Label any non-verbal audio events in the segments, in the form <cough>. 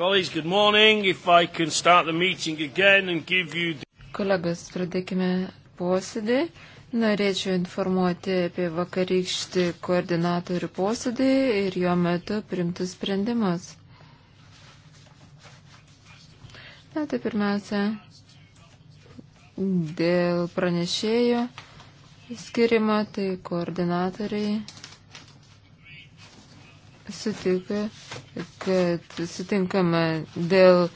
Colleagues, good morning. If I can start the meeting again and give you. Kolegos, pradėkime posėdį. Norėčiau informuoti apie vakarykštį koordinatorių posėdį ir jo metu primtus sprendimus. Na, tai pirmiausia, dėl pranešėjo skirimo, tai koordinatoriai sutika, kad sutinkama dėl e,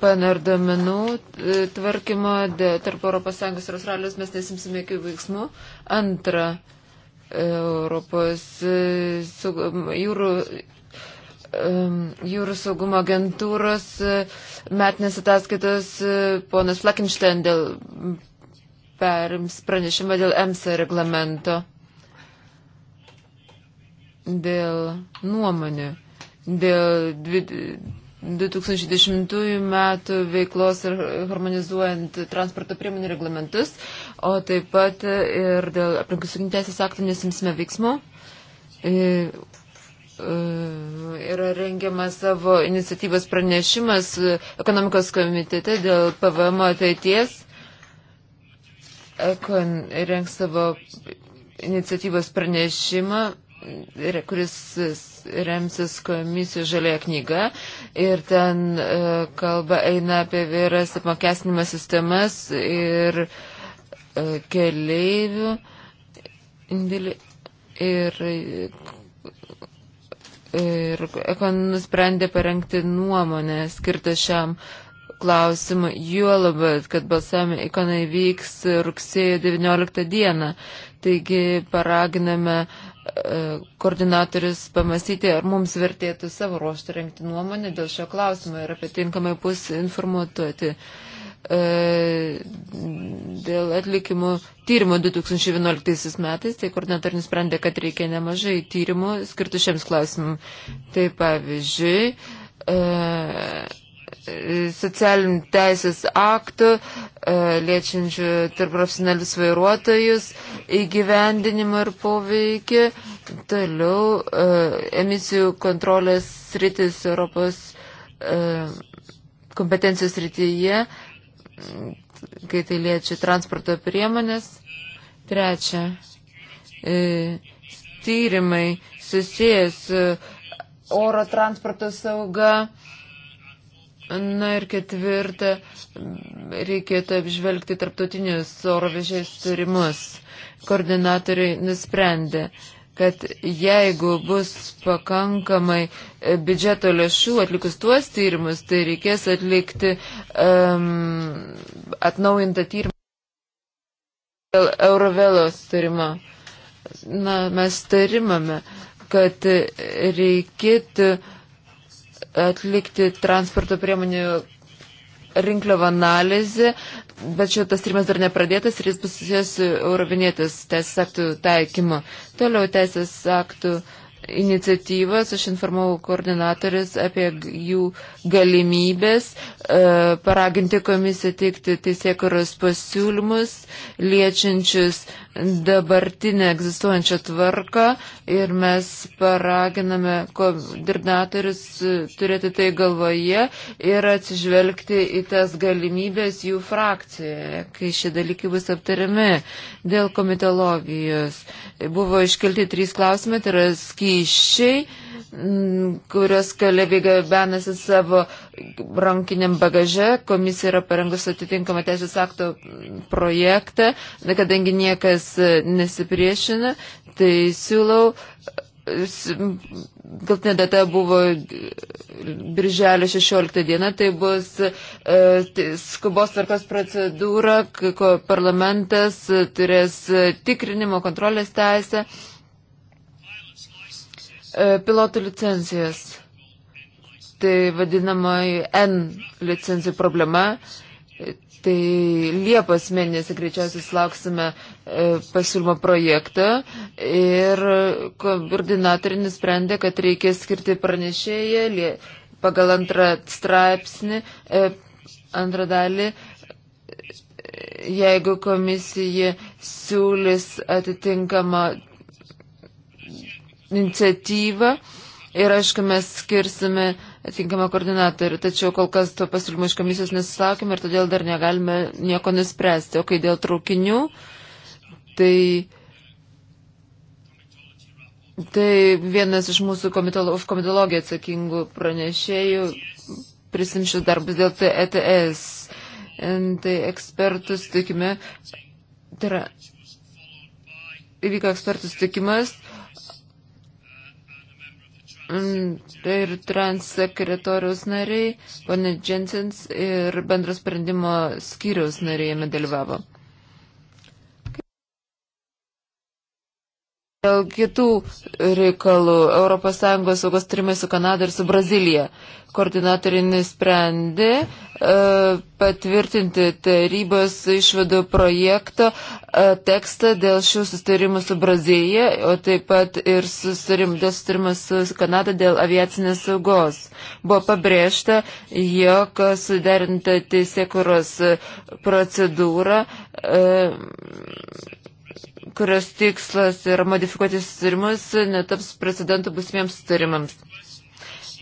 PNR domenų e, tvarkymo dėl, tarp ES ir Australijos mes nesimsime jokių veiksmų. Antra, e, Europos su, jūrų jūrų saugumo agentūros metinės ataskaitos ponas Flakinštein dėl perims pranešimą dėl EMSA reglamento dėl nuomonių, dėl 2010 metų veiklos ir harmonizuojant transporto priemonių reglamentus, o taip pat ir dėl aplinkosauginių teisės aktų nesimsime veiksmų. E, e, yra rengiamas savo iniciatyvas pranešimas ekonomikos komitete dėl PVM ateities. Ekon rengs savo iniciatyvos pranešimą kuris remsis komisijų žalia knyga ir ten e, kalba eina apie vyras apmokestinimo sistemas ir e, keleivių indėlį ir, ir Ekon nusprendė parengti nuomonę skirtą šiam klausimą, juolabas, kad balsavimai ikonai vyks rugsėjo 19 dieną. Taigi paraginame uh, E, koordinatorius pamastyti, ar mums vertėtų savo ruoštų renkti nuomonę dėl šio klausimo ir apie tinkamai bus informuotuoti e, dėl atlikimų tyrimų 2011 metais, tai koordinatorius nusprendė, kad reikia nemažai tyrimų skirtų šiems klausimams. Tai pavyzdžiui, e, socialinių teisės aktų, e, liečiančių tarpprofesionalius vairuotojus, įgyvendinimą ir poveikį, toliau e, emisijų kontrolės sritis Europos e, kompetencijos srityje, kai tai liečia transporto priemonės. Trečia, tyrimai susijęs su oro transporto sauga Na ir ketvirta, reikėtų apžvelgti tarptautinius oro vežėjus turimus. Koordinatoriai nusprendė, kad jeigu bus pakankamai e, biudžeto lėšų atlikus tuos tyrimus, tai reikės atlikti um, atnaujintą tyrimą dėl Eurovelos tyrimo. Na, mes tarimame, kad reikėtų uh, atlikti transporto priemonių rinkliavą analizę, bet šio tas tyrimas dar nepradėtas ir jis bus susijęs su eurovinėtis teisės aktų taikymu. Toliau teisės aktų iniciatyvas, aš informavau koordinatorius apie jų galimybės, e, paraginti komisiją teikti teisėkuros pasiūlymus, liečiančius dabartinę egzistuojančią tvarką ir mes paraginame koordinatorius turėti tai galvoje ir atsižvelgti į tas galimybės jų frakcijoje, kai šie dalykai bus aptariami dėl komitologijos. Buvo iškelti trys klausimai, tai yra skyšiai Mm, kurios kalėviai gabenasi savo rankiniam bagaže. Komisija yra parengusi atitinkamą teisės akto projektą, kadangi niekas e, nesipriešina, tai siūlau. E, galtinė data buvo birželio 16 diena, tai bus e, skubos tvarkos procedūra, kai parlamentas e, turės tikrinimo kontrolės teisę. E, E, pilotų licencijas. Tai vadinamoji N licencijų problema. Tai Liepos mėnesį greičiausiai lauksime e, pasiūlymo projektą ir koordinatoriai nusprendė, kad reikės skirti pranešėją pagal antrą straipsnį, e, antrą dalį jeigu komisija siūlys atitinkamą iniciatyvą ir aišku, mes skirsime atinkamą koordinatorių, tačiau kol kas to pasiūlymo iš komisijos nesusakėme ir todėl dar negalime nieko nuspręsti. O kai dėl traukinių, tai, tai vienas iš mūsų komitolo, už komitologiją atsakingų pranešėjų prisimšęs darbus dėl ETS. Tai ekspertus tikime, tai yra, įvyko ekspertų sutikimas Mm, ir transsekretoriaus nariai, ponė Jensens ir bendros sprendimo skyriaus nariai jame dalyvavo. Dėl kitų reikalų ES saugos turimai su Kanada ir su Brazilija. Koordinatoriai nusprendė e, patvirtinti tarybos išvadų projekto e, tekstą dėl šių sustarimų su Brazilija, o taip pat ir sustarim, dėl sustarimų su Kanada dėl aviacinės saugos. Buvo pabrėžta, jog suderinta teisėkuros procedūra. E, kurios tikslas yra modifikuoti susitarimus, netaps precedentų būsimiems susitarimams.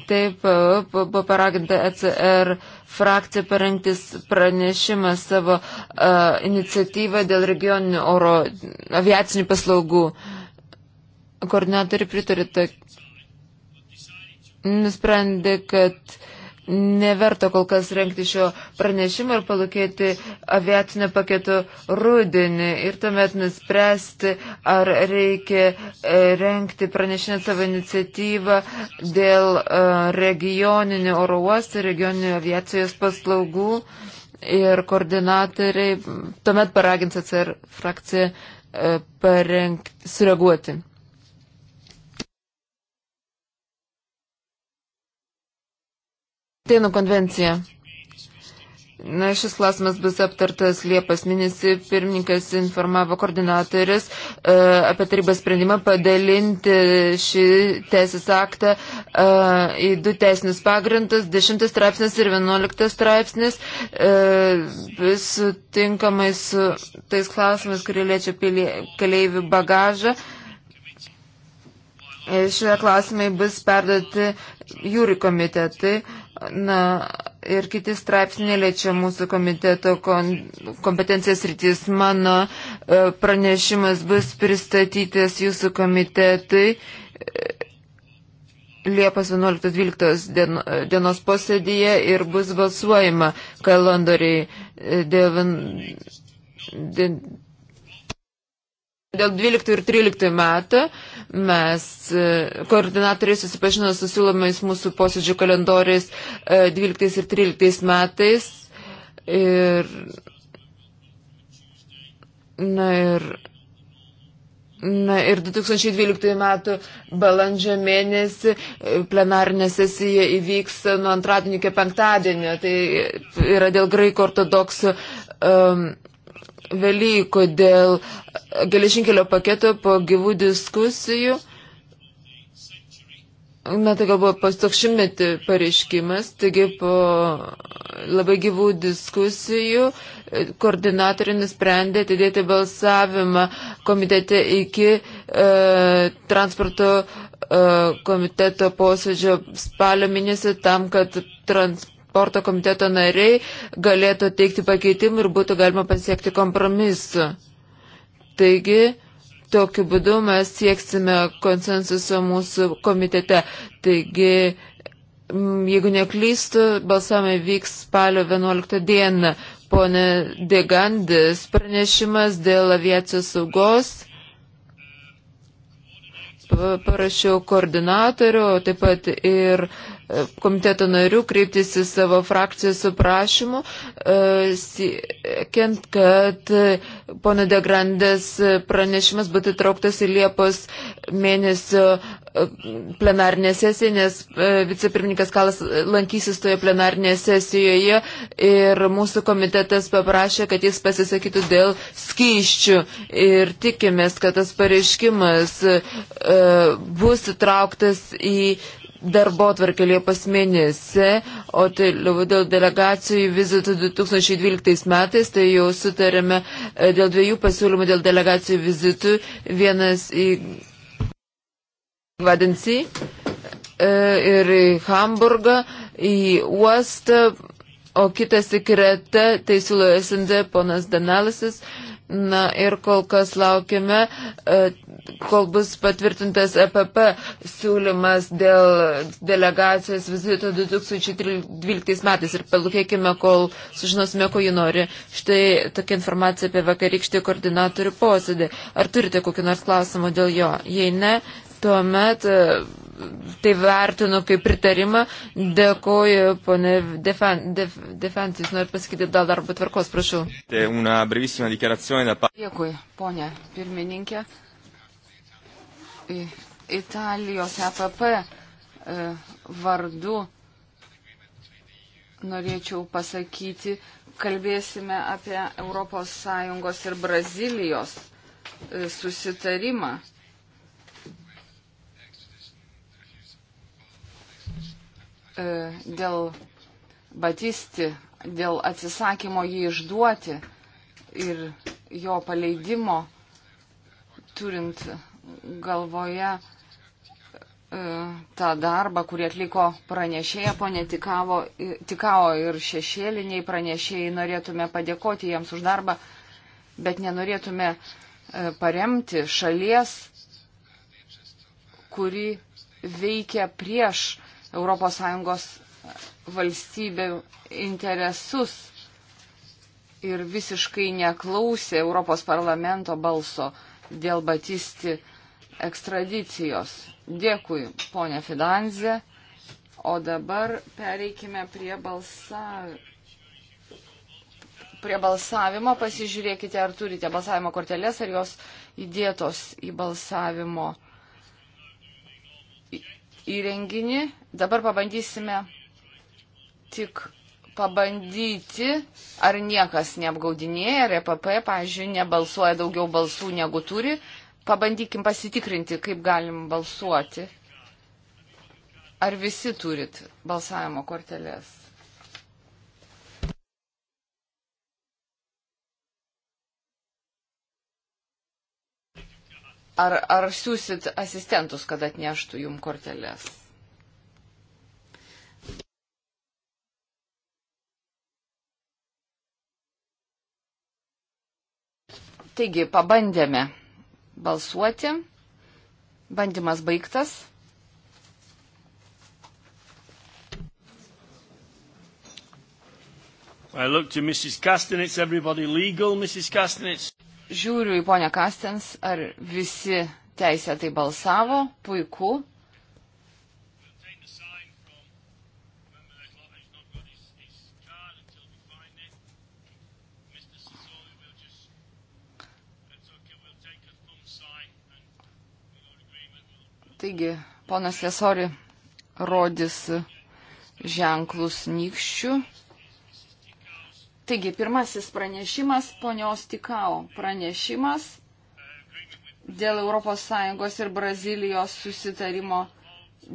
Taip buvo paraginta ECR frakcija parengtis pranešimą savo uh, iniciatyvą dėl regioninių oro aviacinių paslaugų. Koordinatoriai pritarė, nusprendė, kad uh, neverta kol kas renkti šio pranešimo ir palūkėti aviacinio paketo rudenį ir tuomet nuspręsti, ar reikia e, renkti pranešinę savo iniciatyvą dėl e, regioninių oro uostų, regioninių aviacijos paslaugų ir koordinatoriai tuomet paragins atsar frakciją e, pareng, sureaguoti. Tėnų konvencija. Na, šis klausimas bus aptartas Liepos mėnesį. Pirmininkas informavo koordinatorius e, apie tarybos sprendimą padalinti šį teisės aktą e, į du teisinius pagrindus - 10 straipsnis ir 11 straipsnis, e, sutinkamai su tais klausimais, kurie liečia keleivių bagažą. E, šie klausimai bus perduoti jūri komitetui. E, Na, ir kiti straipsniai lėčia mūsų komiteto kompetencijas rytis. Mano e, pranešimas bus pristatytas jūsų komitetui e, Liepos 11-12 dienos posėdėje ir bus balsuojama kalendoriai e, dėl, dėl 12 ir 13 metų. Mes e, koordinatoriai susipažino su siūlomais mūsų posėdžių kalendoriais 12 e, ir 13 metais. Ir, na ir Na ir 2012 metų balandžio mėnesį e, plenarinė sesija įvyks nuo antradienio iki penktadienio. Tai yra dėl graikų ortodoksų um, Velyko dėl geležinkelio paketo po gyvų diskusijų. Na, tai gal buvo pas toks šimtmetį pareiškimas, taigi po labai gyvų diskusijų koordinatoriai nusprendė atidėti balsavimą komitete iki e, transporto e, komiteto posėdžio spalio mėnesį tam, kad transporto transporto komiteto nariai galėtų teikti pakeitimų ir būtų galima pasiekti kompromisu. Taigi, tokiu būdu mes sieksime konsensuso mūsų komitete. Taigi, jeigu neklystu, balsavimai vyks spalio 11 dieną. Pone Degandis, pranešimas dėl aviacijos saugos. Parašiau koordinatorių, taip pat ir uh, komiteto narių kreiptis į savo frakciją su prašymu, e, siekiant, kad e, pono Degrandės pranešimas būtų trauktas į Liepos mėnesio e, plenarinė sesija, nes vicepirmininkas Kalas lankysis toje plenarinėje sesijoje ir mūsų komitetas paprašė, kad jis pasisakytų dėl skyščių ir tikimės, kad tas pareiškimas bus įtrauktas į darbo tvarkė Liepos mėnesį, o tai dėl delegacijų vizitų 2012 metais, tai jau sutarėme e, dėl dviejų pasiūlymų dėl delegacijų vizitų. Vienas į Vadensį e, ir į Hamburgą, į uostą, o kitas į Kretą, tai siūlo SND ponas Danalisas. Na ir kol kas laukime. E, kol bus patvirtintas EPP siūlymas dėl delegacijos vizito 2012 metais ir palūkėkime, kol sužinosime, ko ji nori. Štai tokia informacija apie vakarykštį koordinatorių posėdį. Ar turite kokį nors klausimą dėl jo? Jei ne, tuomet e, tai vertinu kaip pritarimą. Dėkoju, ponė Defantis, def, def, noriu pasakyti dėl darbo tvarkos, prašau. Dėkui, ponė pirmininkė. Italijos EPP e, vardu norėčiau pasakyti, kalbėsime apie ES ir Brazilijos e, susitarimą. E, dėl Batisti, dėl atsisakymo jį išduoti ir jo paleidimo, turint galvoje e, tą darbą, kurį atliko pranešėja, ponė tikavo, tikavo ir šešėliniai pranešėjai, norėtume padėkoti jiems už darbą, bet nenorėtume e, paremti šalies, kuri veikia prieš ES valstybių interesus ir visiškai neklausė Europos parlamento balso dėl Batisti ekstradicijos. Dėkui, ponė Fidanzė. O dabar pereikime prie, balsa... prie balsavimo. Pasižiūrėkite, ar turite balsavimo korteles, ar jos įdėtos į balsavimo įrenginį. Dabar pabandysime tik pabandyti, ar niekas neapgaudinėja, ar EPP, pažiūrėjau, nebalsuoja daugiau balsų negu turi pabandykim pasitikrinti, kaip galim balsuoti. Ar visi turit balsavimo korteles? Ar, ar siūsit asistentus, kad atneštų jum korteles? Taigi, pabandėme balsuoti. Bandymas baigtas. Kastenitz, legal, Žiūriu į ponę Kastens, ar visi teisėtai balsavo, puiku, Taigi, ponas Lesori rodys ženklus nykščių. Taigi, pirmasis pranešimas, ponios Tikau pranešimas dėl ES ir Brazilijos susitarimo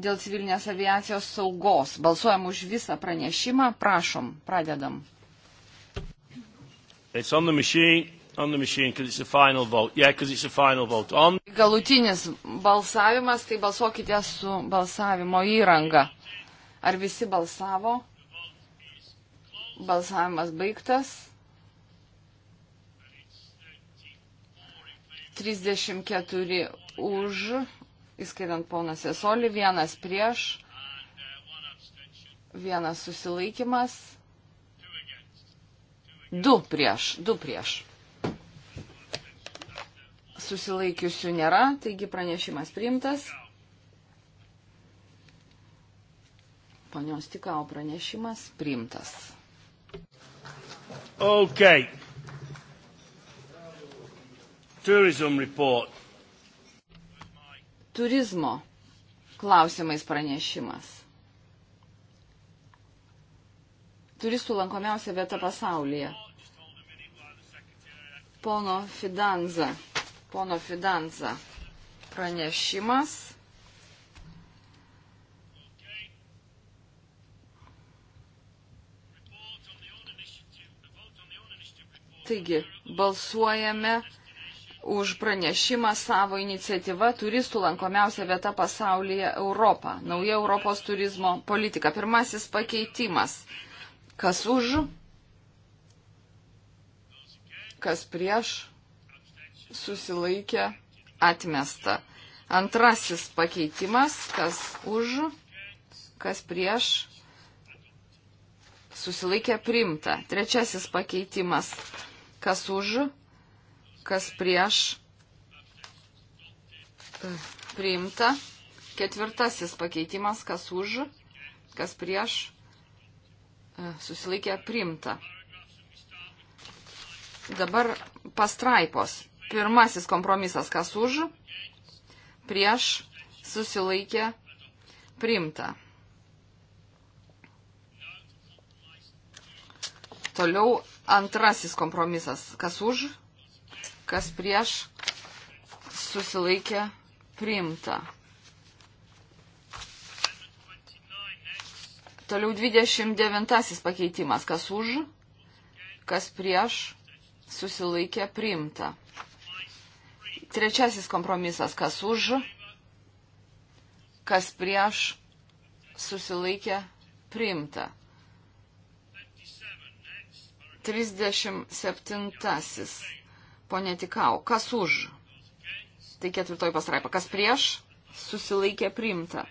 dėl civilinės aviacijos saugos. Balsuojam už visą pranešimą. Prašom, pradedam. It's on the machine, on the machine, because it's a final vote. Yeah, because it's a final vote. On galutinis balsavimas, tai balsuokite su balsavimo įranga. Ar visi balsavo? Balsavimas baigtas. 34 už, įskaitant poną Sesolį, vienas prieš, vienas susilaikimas, du prieš, du prieš. Susilaikiusių nėra, taigi pranešimas priimtas. Ponios Tikau pranešimas priimtas. Okay. Tourism report. Turizmo klausimais pranešimas. Turistų lankomiausia vieta pasaulyje. Pono Fidanza pono Fidanza pranešimas. Taigi, balsuojame už pranešimą savo iniciatyvą turistų lankomiausia vieta pasaulyje Europą. Nauja Europos turizmo politika. Pirmasis pakeitimas. Kas už? Kas prieš? susilaikė atmesta. Antrasis pakeitimas, kas už, kas prieš, susilaikė primta. Trečiasis pakeitimas, kas už, kas prieš, priimta. Ketvirtasis pakeitimas, kas už, kas prieš, susilaikė primta. Dabar pastraipos. Pirmasis kompromisas, kas už, prieš, susilaikė, priimta. Toliau antrasis kompromisas, kas už, kas prieš, susilaikė, priimta. Toliau 29 pakeitimas, kas už, kas prieš, susilaikė, priimta. Trečiasis kompromisas, kas už, kas prieš, susilaikė, priimta. 37. Pone Tikau, kas už? Tai ketvirtoji pastraipa. Kas prieš? Susilaikė priimta.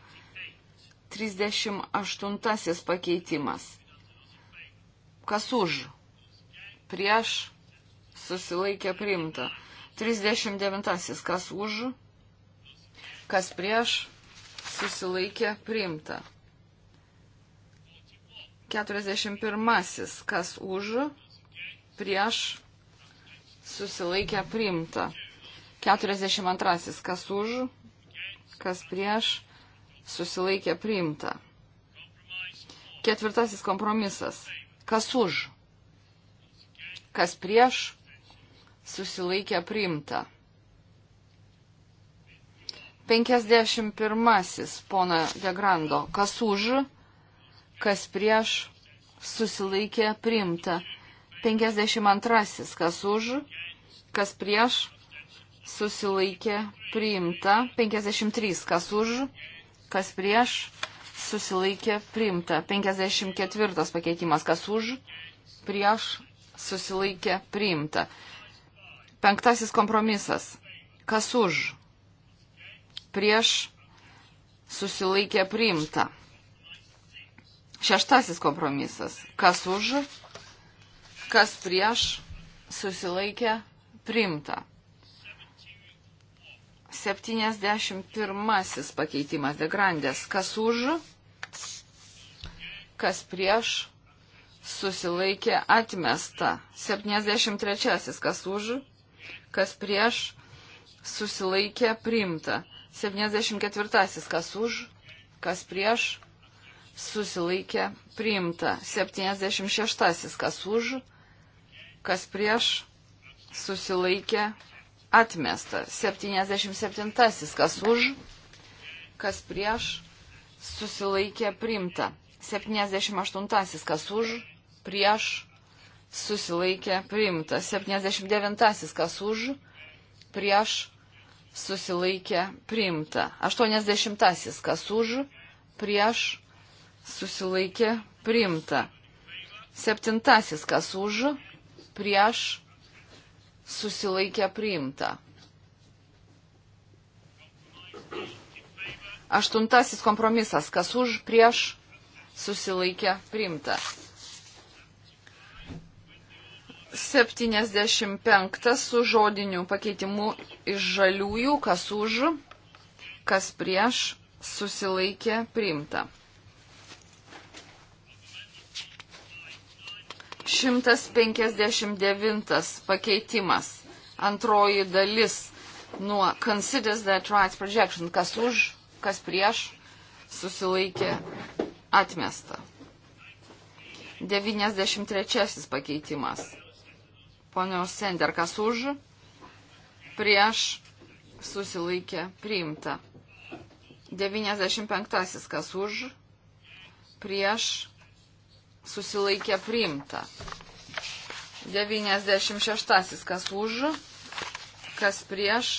38. pakeitimas. Kas už? Prieš? Susilaikė priimta. 39. Kas už, kas prieš, susilaikė priimta. 41. Kas už, prieš, susilaikė priimta. 42. Kas už, kas prieš, susilaikė priimta. Ketvirtasis kompromisas. Kas už, kas prieš, susilaikė priimta. 51. Pona Degrando. Kas už, kas prieš, susilaikė priimta. 52. Kas už, kas prieš, susilaikė priimta. 53. Kas už, kas prieš, susilaikė priimta. 54. Pakeitimas. Kas už, prieš, susilaikė priimta. Penktasis kompromisas. Kas už? Prieš susilaikė priimta. Šeštasis kompromisas. Kas už? Kas prieš susilaikė priimta. 71 pakeitimas Degrandės. Kas už? Kas prieš susilaikė atmesta. 73 kas už? kas prieš, susilaikė priimta. 74. Kas už, kas prieš, susilaikė priimta. 76. Kas už, kas prieš, susilaikė atmesta. 77. Kas už, kas prieš, susilaikė priimta. 78. Kas už, prieš, susilaikė priimtas. 79 kas už, prieš susilaikė priimta. 80 kas už, prieš susilaikė priimta. 7 kas už, prieš susilaikė priimta. Aštuntasis kompromisas, kas už, prieš, susilaikė, priimta. 75 su žodiniu pakeitimu iš žaliųjų, kas už, kas prieš, susilaikė priimta. 159 pakeitimas, antroji dalis nuo Considers that Rights Projection, kas už, kas prieš, susilaikė atmesta. 93 pakeitimas ponios Sender, kas už, prieš, susilaikė, priimta. 95 kas už, prieš, susilaikė, priimta. 96 kas už, kas prieš,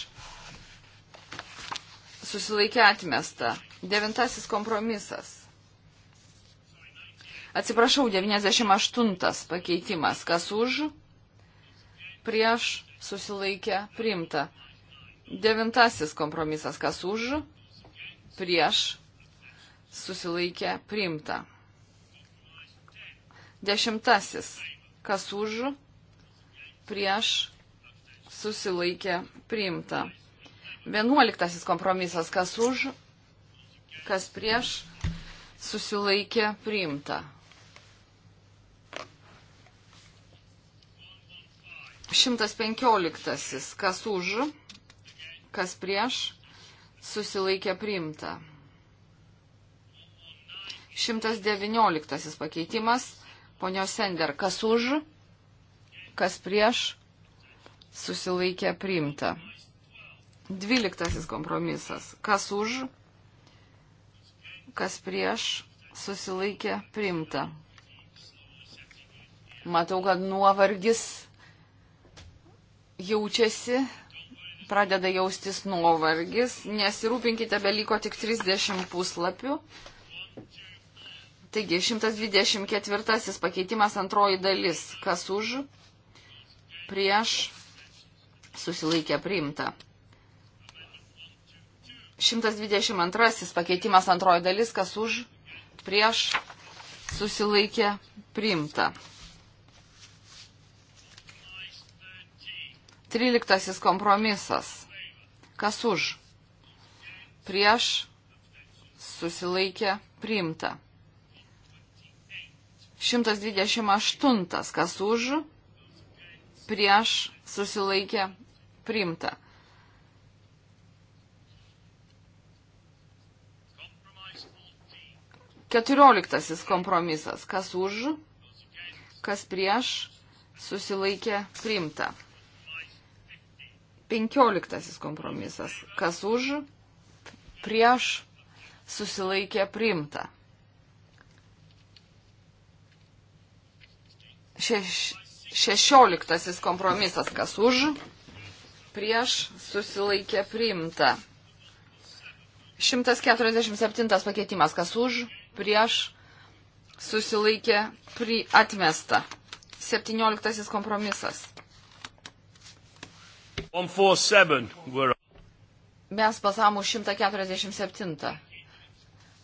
susilaikė, atmesta. Devintasis kompromisas. Atsiprašau, 98 pakeitimas. Kas už? prieš susilaikė priimta. Devintasis kompromisas, kas už, prieš susilaikė priimta. Dešimtasis, kas už, prieš susilaikė priimta. Vienuoliktasis kompromisas, kas už, kas prieš susilaikė priimta. 115. Kas už, kas prieš, susilaikė priimta. 119 pakeitimas. Ponios Sender, kas už, kas prieš, susilaikė priimta. 12 kompromisas. Kas už, kas prieš, susilaikė priimta. Matau, kad nuovargis jaučiasi, pradeda jaustis nuovargis, nesirūpinkite, beliko tik 30 puslapių. Taigi, 124 pakeitimas antroji dalis. Kas už? Prieš susilaikė priimta. 122 pakeitimas antroji dalis. Kas už? Prieš susilaikė priimta. Tryliktasis kompromisas. Kas už? Prieš susilaikė priimta. 128. Kas už? Prieš susilaikė priimta. Keturioliktasis kompromisas. Kas už, kas prieš, susilaikė priimta. Penkioliktasis kompromisas. Kas už, prieš, susilaikė priimta. Šeš, šešioliktasis kompromisas. Kas už, prieš, susilaikė priimta. 147 pakeitimas. Kas už, prieš, susilaikė pri, atmesta. 17 kompromisas. Mes pasamu 147.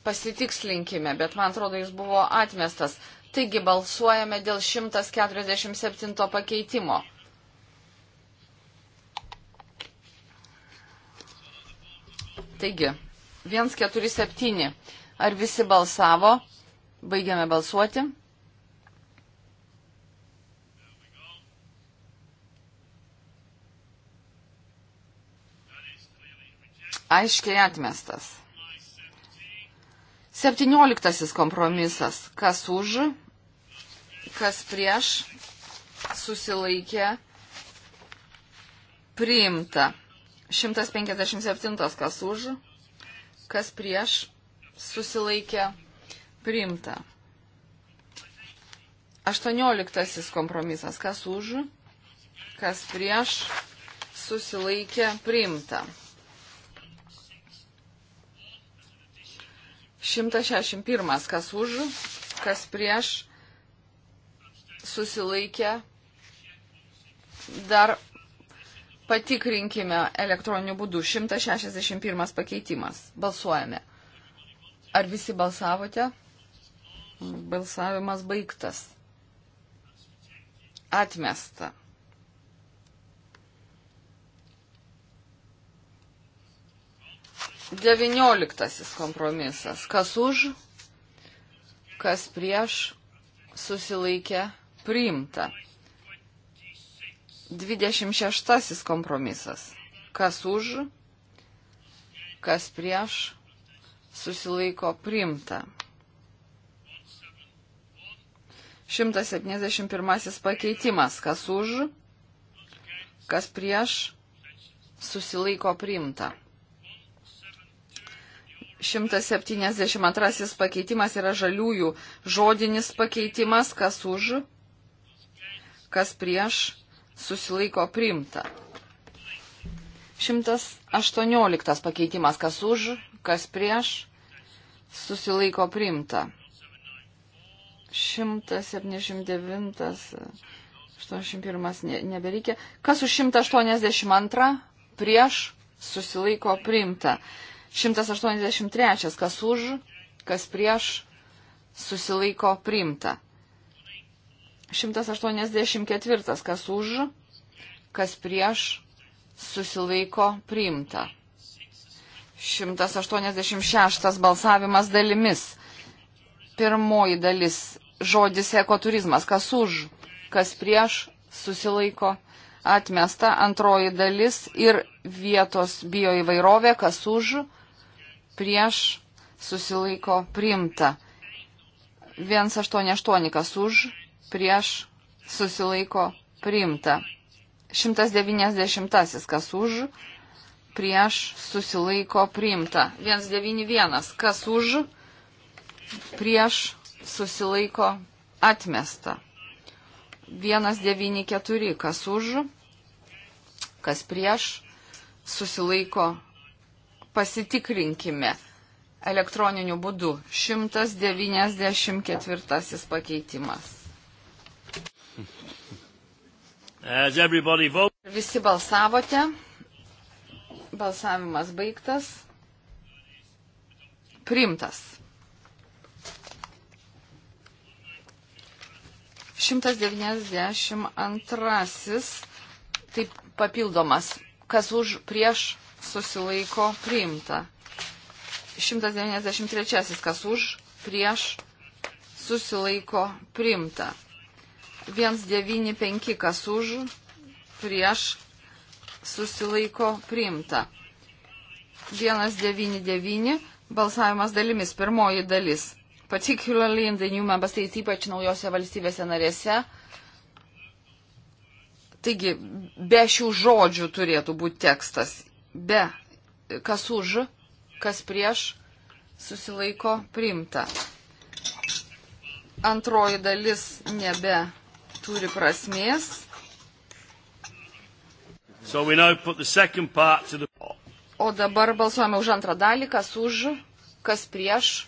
Pasitikslinkime, bet man atrodo, jis buvo atmestas. Taigi balsuojame dėl 147 pakeitimo. Taigi, 147. Ar visi balsavo? Baigiame balsuoti. Aiškiai atmestas. 17 kompromisas. Kas už, kas prieš, susilaikė, priimta. 157 kas už, kas prieš, susilaikė, priimta. 18 kompromisas. Kas už, kas prieš, susilaikė, priimta. 161. Kas už, kas prieš susilaikė. Dar patikrinkime elektroniniu būdu. 161 pakeitimas. Balsuojame. Ar visi balsavote? Balsavimas baigtas. Atmesta. Devinioliktasis kompromisas. Kas už, kas prieš, susilaikė, priimta. Dvidešimt šeštasis kompromisas. Kas už, kas prieš, susilaiko, priimta. 171 pakeitimas. Kas už, kas prieš, susilaiko priimta. 172 pakeitimas yra žaliųjų žodinis pakeitimas, kas už, kas prieš, susilaiko primta. 118 pakeitimas, kas už, kas prieš, susilaiko primta. 179, 81 ne, nebereikia. Kas už 182, prieš, susilaiko primta. 183. Kas už, kas prieš, susilaiko priimta. 184. Kas už, kas prieš, susilaiko priimta. 186. Balsavimas dalimis. Pirmoji dalis žodis ekoturizmas. Kas už, kas prieš, susilaiko atmesta. Antroji dalis ir vietos bioįvairovė. Kas už, prieš susilaiko priimta. 188 kas už, prieš susilaiko priimta. 190 kas už, prieš susilaiko priimta. 191 kas už, prieš susilaiko atmesta. 194 kas už, kas prieš susilaiko pasitikrinkime elektroniniu būdu 194 pakeitimas. Visi balsavote. Balsavimas baigtas. Primtas. 192. Taip papildomas. Kas už prieš susilaiko priimta. 193. Kas už, prieš, susilaiko priimta. 195. Kas už, prieš, susilaiko priimta. 199. Balsavimas dalimis. Pirmoji dalis. Particularly in the new member states, ypač naujose valstybėse narėse. Taigi, be šių žodžių turėtų būti tekstas be kas už, kas prieš, susilaiko priimta. Antroji dalis nebe turi prasmės. So the... O dabar balsuojame už antrą dalį, kas už, kas prieš,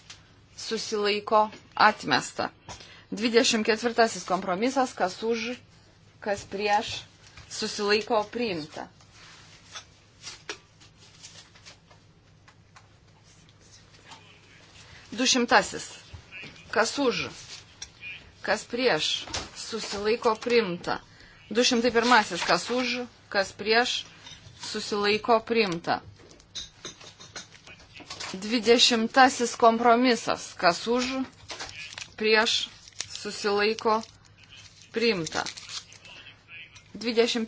susilaiko atmesta. 24 kompromisas, kas už, kas prieš, susilaiko priimta. 200. Kas už? Kas prieš? Susilaiko primta. 201. Kas už? Kas prieš? Susilaiko primta. 20. Kompromisas. Kas už? Prieš? Susilaiko primta. 21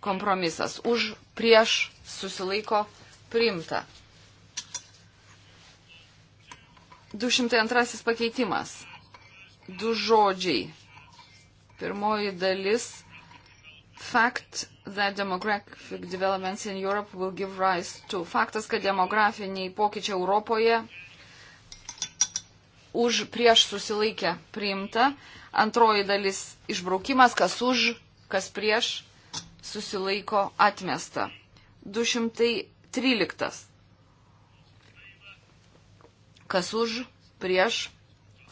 kompromisas. Už, prieš, susilaiko, priimta. 202 pakeitimas. Du žodžiai. Pirmoji dalis. Fact that demographic developments in Europe will give rise to. Faktas, kad demografiniai pokyčiai Europoje už prieš susilaikę priimta. Antroji dalis išbraukimas, kas už, kas prieš susilaiko atmesta. 213 kas už, prieš,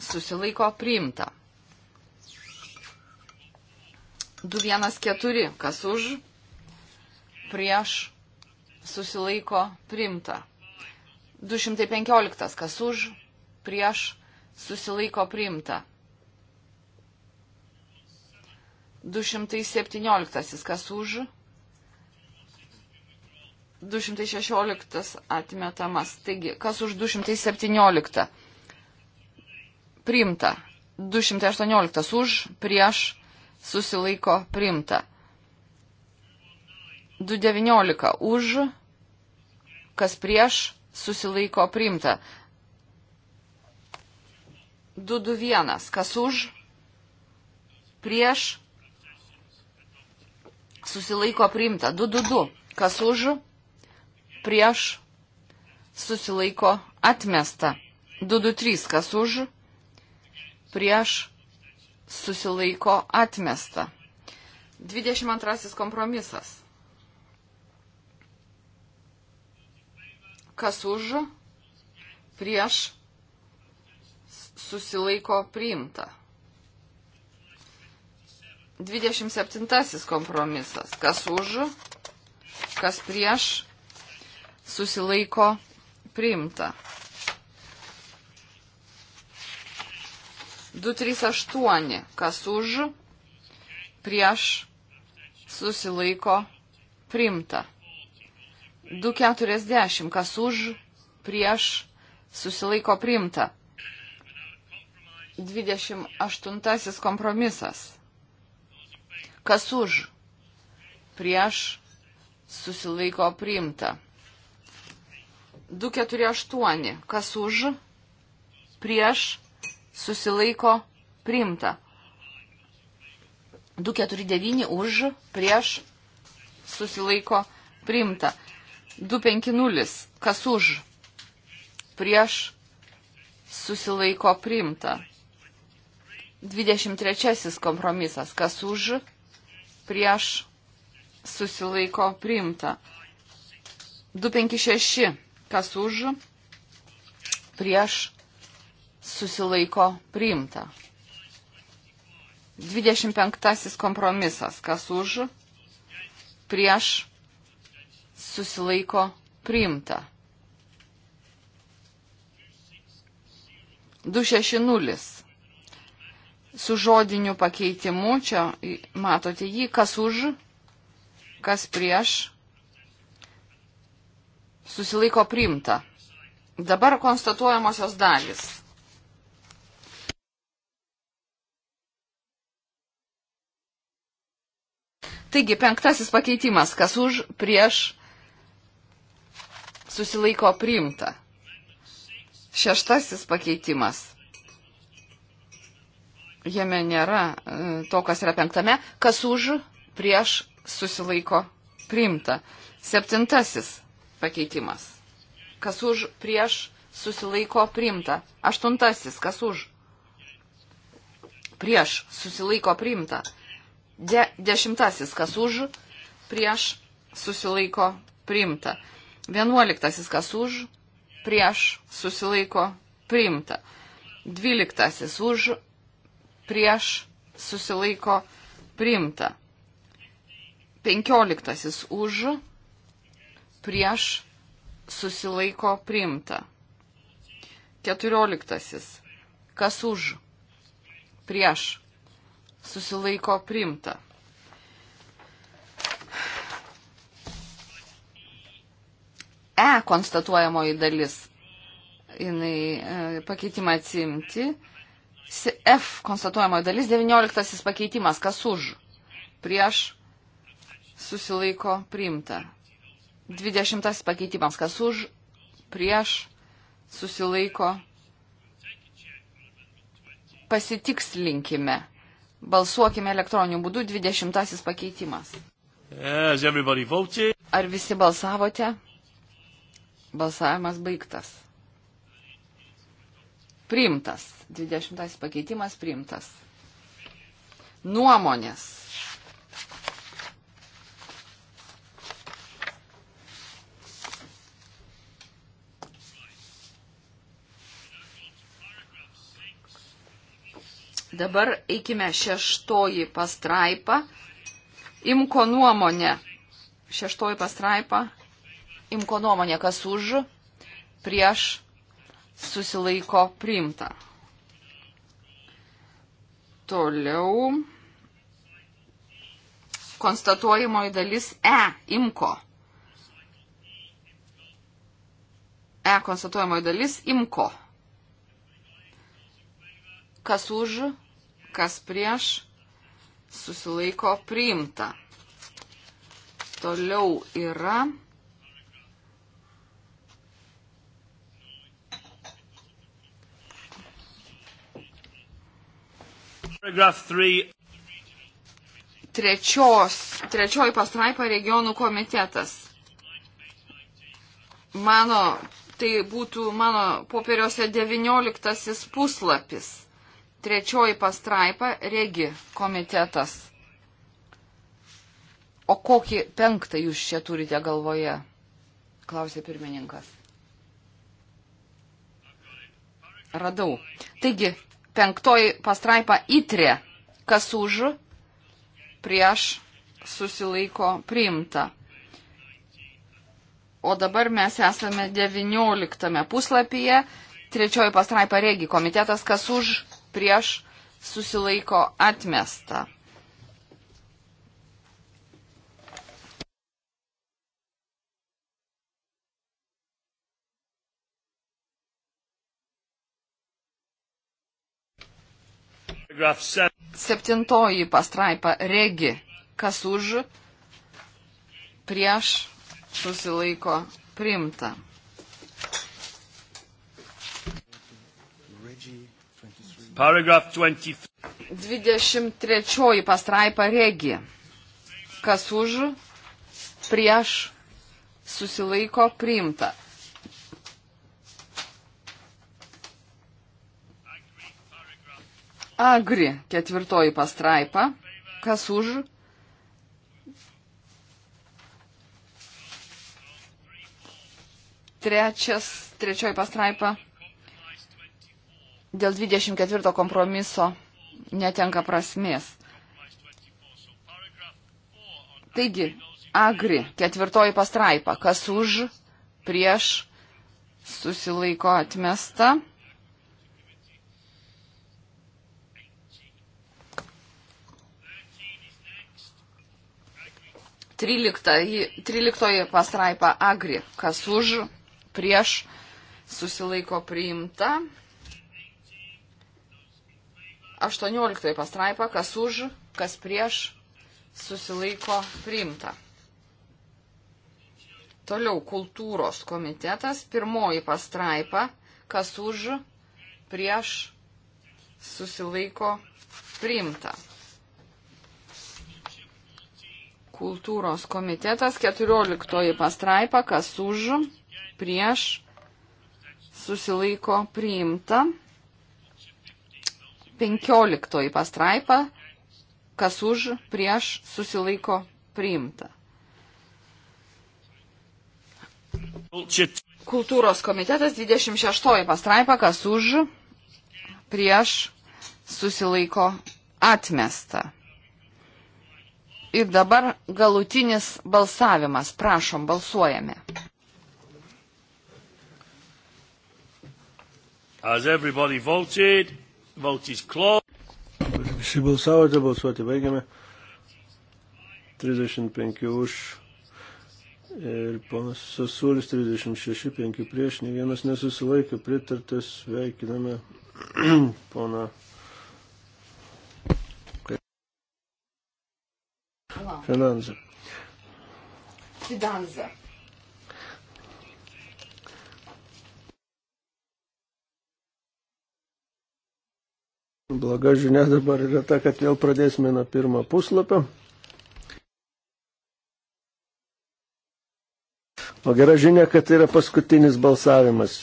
susilaiko priimta. 214, kas už, prieš, susilaiko priimta. 215, kas už, prieš, susilaiko priimta. 217, kas už, prieš 216 atmetamas. Taigi, kas už 217? Primta. 218 už, prieš, susilaiko, primta. 219 už, kas prieš, susilaiko, primta. 221, kas už, prieš, susilaiko, primta. 222, kas už, prieš, susilaiko atmesta. 223 kas už, prieš, susilaiko atmesta. 22 kompromisas. Kas už, prieš, susilaiko priimta. 27 kompromisas. Kas už, kas prieš, susilaiko priimta. 238, kas už, prieš, susilaiko, primta. 240, kas už, prieš, susilaiko, primta. 28 kompromisas. Kas už, prieš, susilaiko, primta. 248. Kas už, prieš, susilaiko, priimta. 249 už, prieš, susilaiko, priimta. 250. Kas už, prieš, susilaiko, priimta. 23 kompromisas. Kas už, prieš, susilaiko, priimta. 256 Kas už, prieš, susilaiko priimta. 25 kompromisas. Kas už, prieš, susilaiko priimta. 260 su žodiniu pakeitimu, čia matote jį, kas už, kas prieš, susilaiko priimta. Dabar konstatuojamosios dalis. Taigi, penktasis pakeitimas, kas už, prieš, susilaiko priimta. Šeštasis pakeitimas. Jame nėra e, to, kas yra penktame. Kas už, prieš, susilaiko priimta. Septintasis pakeitimas. Kas už prieš susilaiko priimta. Aštuntasis. Kas už prieš susilaiko priimta. De, dešimtasis. Kas už prieš susilaiko priimta. Vienuoliktasis. Kas už prieš susilaiko priimta. Dvyliktasis. Už prieš susilaiko priimta. Penkioliktasis. Už prieš susilaiko priimta. Keturioliktasis. Kas už? Prieš. Susilaiko priimta. E konstatuojamoji dalis. Jinai e, pakeitimą atsimti. F konstatuojamoji dalis. Devinioliktasis pakeitimas. Kas už? Prieš. Susilaiko priimta. 20 pakeitimas, kas už, prieš, susilaiko. Pasitikslinkime. Balsuokime elektroniniu būdu 20 pakeitimas. Ar visi balsavote? Balsavimas baigtas. Priimtas. 20 pakeitimas priimtas. Nuomonės. Dabar eikime šeštoji pastraipa. Imko nuomonė. Šeštoji pastraipa. Imko nuomonė, kas už, prieš, susilaiko priimta. Toliau. Konstatuojamoji dalis E. Imko. E konstatuojamoji dalis imko. Kas už, kas prieš, susilaiko priimta. Toliau yra. Trečios, trečioji pastraipa regionų komitetas. Mano, tai būtų mano popieriuose 19 puslapis. Trečioji pastraipa - regi komitetas. O kokį penktą jūs čia turite galvoje? Klausė pirmininkas. Radau. Taigi, penktoji pastraipa įtrė. Kas už, prieš, susilaiko priimta. O dabar mes esame 19 puslapyje. Trečioji pastraipa regi komitetas, kas už, prieš susilaiko atmesta. Septintoji pastraipa regi, kas už, prieš susilaiko primta. 23 pastraipa regi. Kas už, prieš, susilaiko priimta. Agri ketvirtoji pastraipa. Kas už? Trečias, trečioji pastraipa dėl 24 kompromiso netenka prasmės. Taigi, agri, ketvirtoji pastraipa, kas už, prieš, susilaiko atmesta. Tryliktoji pastraipa agri, kas už, prieš, susilaiko priimta. 18 pastraipa, kas už, kas prieš, susilaiko priimta. Toliau kultūros komitetas, pirmoji pastraipa, kas už, prieš, susilaiko priimta. Kultūros komitetas, 14 pastraipa, kas už, prieš, susilaiko priimta. 15 pastraipa, kas už, prieš, susilaiko priimta. Kultūros komitetas 26 pastraipa, kas už, prieš, susilaiko atmesta. Ir dabar galutinis balsavimas. Prašom, balsuojame. Has everybody voted? Vote is closed. Visi balsavote, balsuoti baigiame. 35 už ir ponas Sasulis 36, 5 prieš, ne vienas nesusilaikė, pritartas, sveikiname <clears throat> poną. Finanzą. Fidanza. Bloga žinia dabar yra ta, kad vėl pradėsime nuo pirmo puslapio. O gera žinia, kad tai yra paskutinis balsavimas.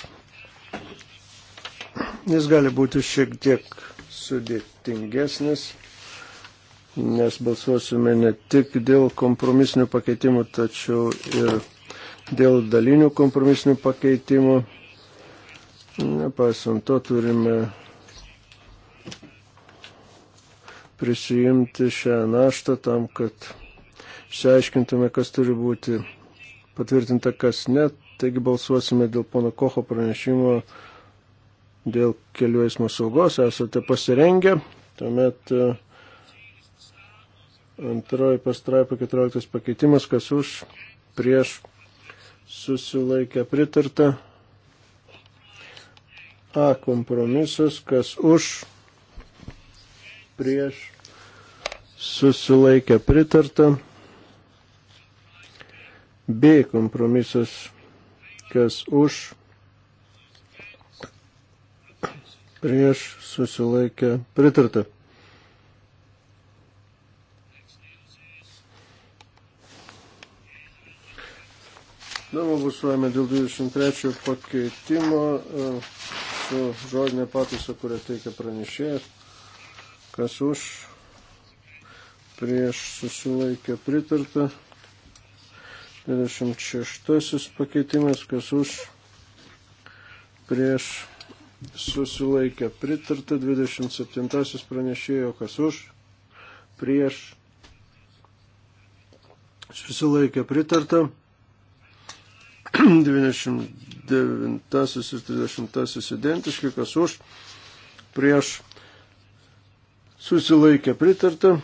Jis gali būti šiek tiek sudėtingesnis, nes balsuosime ne tik dėl kompromisinių pakeitimų, tačiau ir dėl dalinių kompromisinių pakeitimų. Nepaisant to, turime prisijimti šią naštą tam, kad išsiaiškintume, kas turi būti patvirtinta, kas ne. Taigi balsuosime dėl pono Kocho pranešimo dėl kelių eismo saugos. Esate pasirengę. Tuomet e, antroji pastraipa 14 pakeitimas, kas už, prieš, susilaikę pritarta. A kompromisas, kas už prieš susilaikę pritarta. B kompromisas, kas už prieš susilaikę pritarta. Dabar balsuojame dėl 23 pakeitimo e, su žodinė pataisa, kurią teikia pranešėjas. Kas už? Prieš susilaikė pritarta. 26 pakeitimas. Kas už? Prieš susilaikė pritarta. 27 pranešėjo. Kas už? Prieš susilaikė pritarta. 29 ir 30 identiški, kas už, prieš Susilaikė pritarta.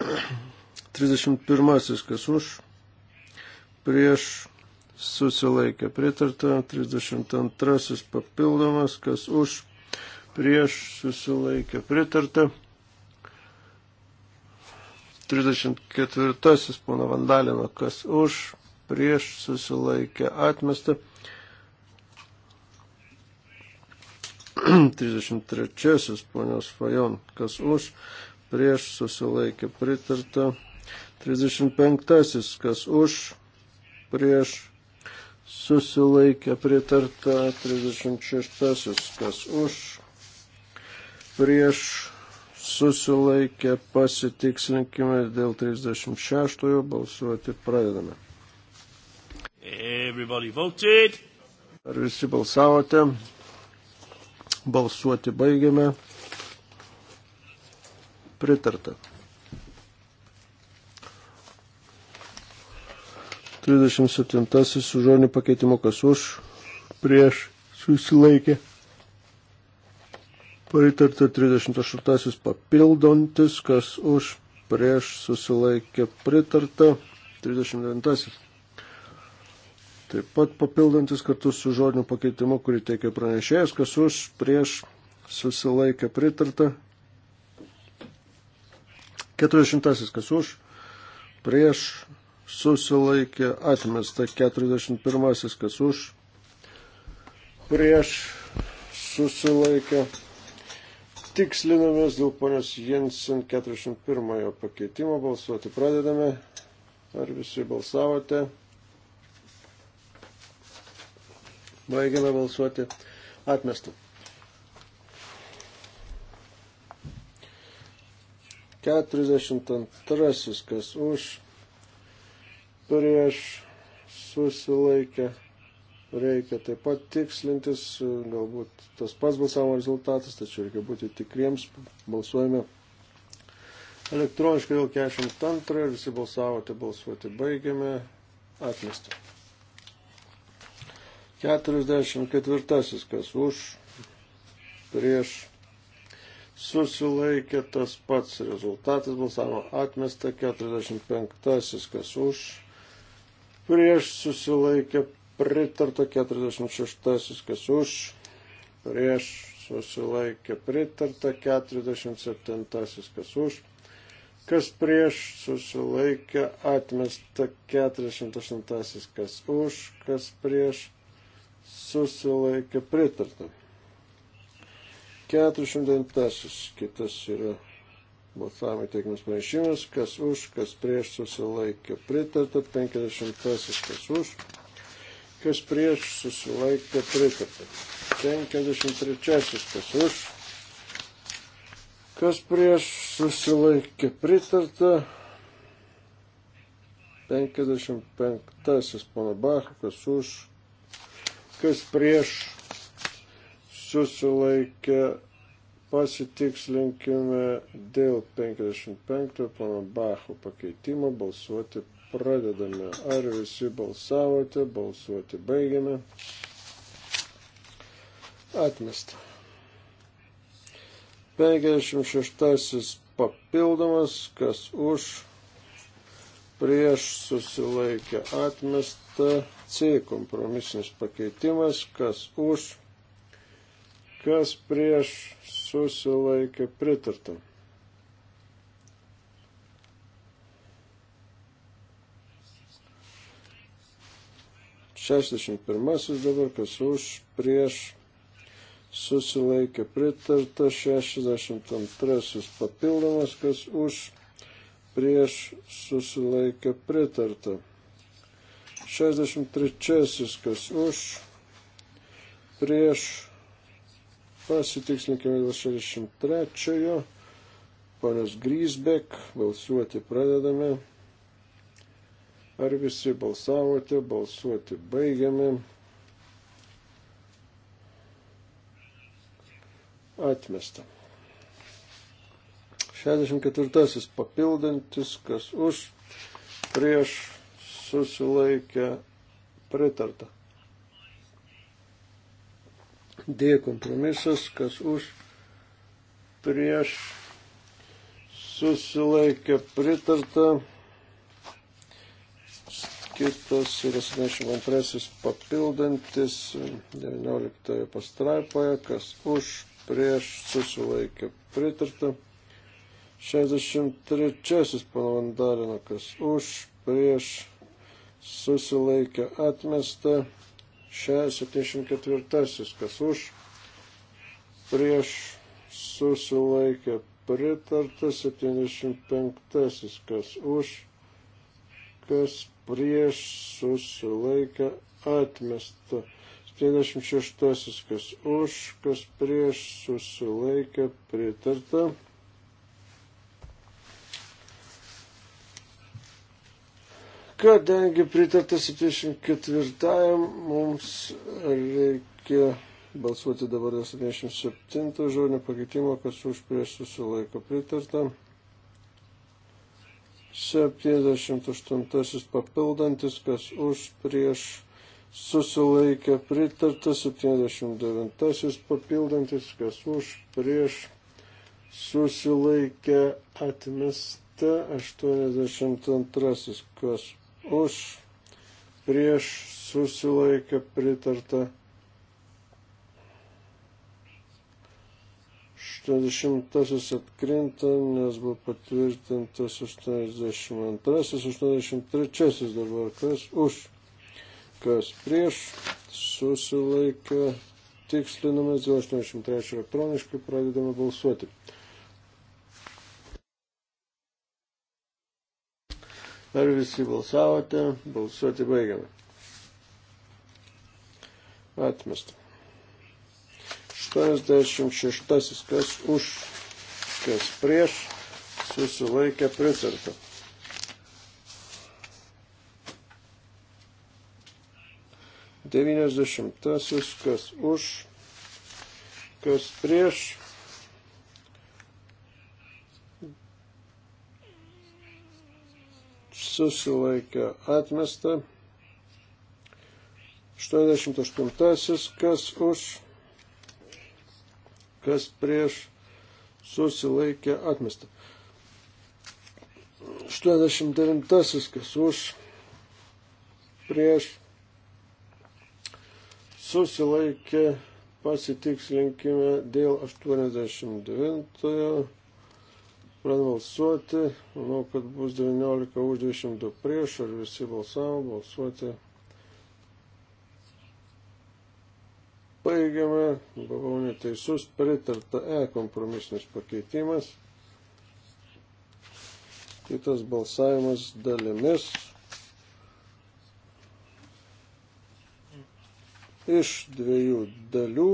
31. Kas už? Prieš susilaikė pritarta. 32. Papildomas. Kas už? Prieš susilaikė pritarta. 34. Pono Vandalino. Kas už? Prieš susilaikė atmesta. 33 ponios Fajon, kas už, prieš susilaikė pritarta. 35 kas už, prieš susilaikė pritarta. 36 kas už, prieš susilaikė pasitikslinkime dėl 36 balsuoti pradedame. Ar visi balsavote? Balsuoti baigiame. Pritarta. 37 su žodiniu pakeitimu kas už, prieš susilaikė. Pritarta 38 papildantis, kas už, prieš susilaikė pritarta 39. Taip pat papildantis kartu su žodiniu pakeitimu, kurį teikia pranešėjas, kas už, prieš, susilaikė pritarta. 40. kas už, prieš, susilaikė atmesta. 41. kas už, prieš, susilaikė. Tikslinamės dėl ponios Jensen 41 pakeitimo balsuoti. Pradedame. Ar visi balsavote? Baigiame balsuoti. Atmestų. 42. Kas už prieš susilaikę. Reikia taip pat tikslintis, galbūt tas pats balsavimo rezultatas, tačiau reikia būti tikriems. Balsuojame elektroniškai dėl 42, visi balsavote, balsuoti baigiame, atmestą. 44. Kas už, prieš, susilaikė tas pats rezultatas. Balsavimo atmesta 45. Kas už, prieš, susilaikė pritarta 46. Kas už, prieš, susilaikė pritarta 47. Kas už kas prieš susilaikė, atmesta 48, kas už, kas prieš susilaikė pritarta. 409. Kitas yra balsavimo teikimas pranešimas, kas už, kas prieš susilaikė pritarta. 50. Kas už, kas prieš susilaikė pritarta. 53. Kas už, kas prieš susilaikė pritarta. 55. Pono Bachas už, kas prieš susilaikė, pasitikslinkime dėl 55 pono Bacho pakeitimo, balsuoti pradedame. Ar visi balsavote, balsuoti baigiame. Atmesta. 56 papildomas, kas už, prieš susilaikė atmesta. C kompromisinis pakeitimas, kas už, kas prieš susilaikė pritarta. Šešdešimt pirmasis dabar, kas už, prieš susilaikė pritarta, 62 papildomas, kas už prieš susilaikė pritarta. 63. Kas už? Prieš. Pasitikslinkime dėl 63. Panas Grysbek. Balsuoti pradedame. Ar visi balsavote? Balsuoti baigiame. Atmesta. 64. Papildantis, kas už, prieš susilaikė pritarta. D kompromisas, kas už, prieš, susilaikė pritarta. Kitas yra 72 papildantis 19 pastraipoje, kas už, prieš, susilaikė pritarta. 63 panavandarino, kas už, prieš, susilaikė atmesta. Šią 74. Kas už prieš susilaikė pritarta. 75. Kas už kas prieš susilaikė atmesta. 76. Kas už kas prieš susilaikė pritarta. Kadangi pritarta 74, mums reikia balsuoti dabar 77 žodinio pakeitimo, kas už prieš susilaiko pritarta. 78 papildantis, kas už prieš susilaikė pritarta. 79 papildantis, kas už prieš susilaikė atmesta. 82 kas už, prieš susilaikę pritarta. 80 atkrinta, nes buvo patvirtintas 82, 83 dabar, kas už, kas prieš, susilaikė tikslinamės, 83 elektroniškai pradedame balsuoti. Ar visi balsavote? Balsuoti baigiame. Atmesta. 86. Kas už, kas prieš, susilaikė pritarta. 90. Kas už, kas prieš, susilaikė atmesta. 88. Kas už, kas prieš, susilaikė atmesta. 89. Kas už, prieš, susilaikė pasitikslinkime dėl 89. Pradėjome balsuoti, manau, kad bus 19 už 22 prieš, ar visi balsavo, balsuoti. Baigiame, buvau neteisus, pritarta E kompromisinis pakeitimas. Kitas balsavimas dalimis. Iš dviejų dalių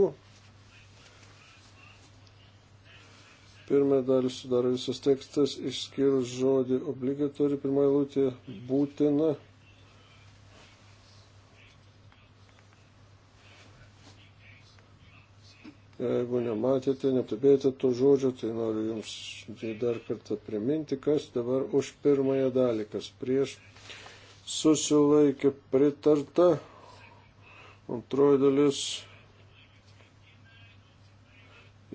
Pirmą dalį sudaro visas tekstas, išskyrus žodį obligatori, pirmoji lūtė būtina. Jeigu nematėte, nepabėjote to žodžio, tai noriu Jums tai dar kartą priminti, kas dabar už pirmąją dalį, kas prieš susilaikė pritarta. Antroji dalis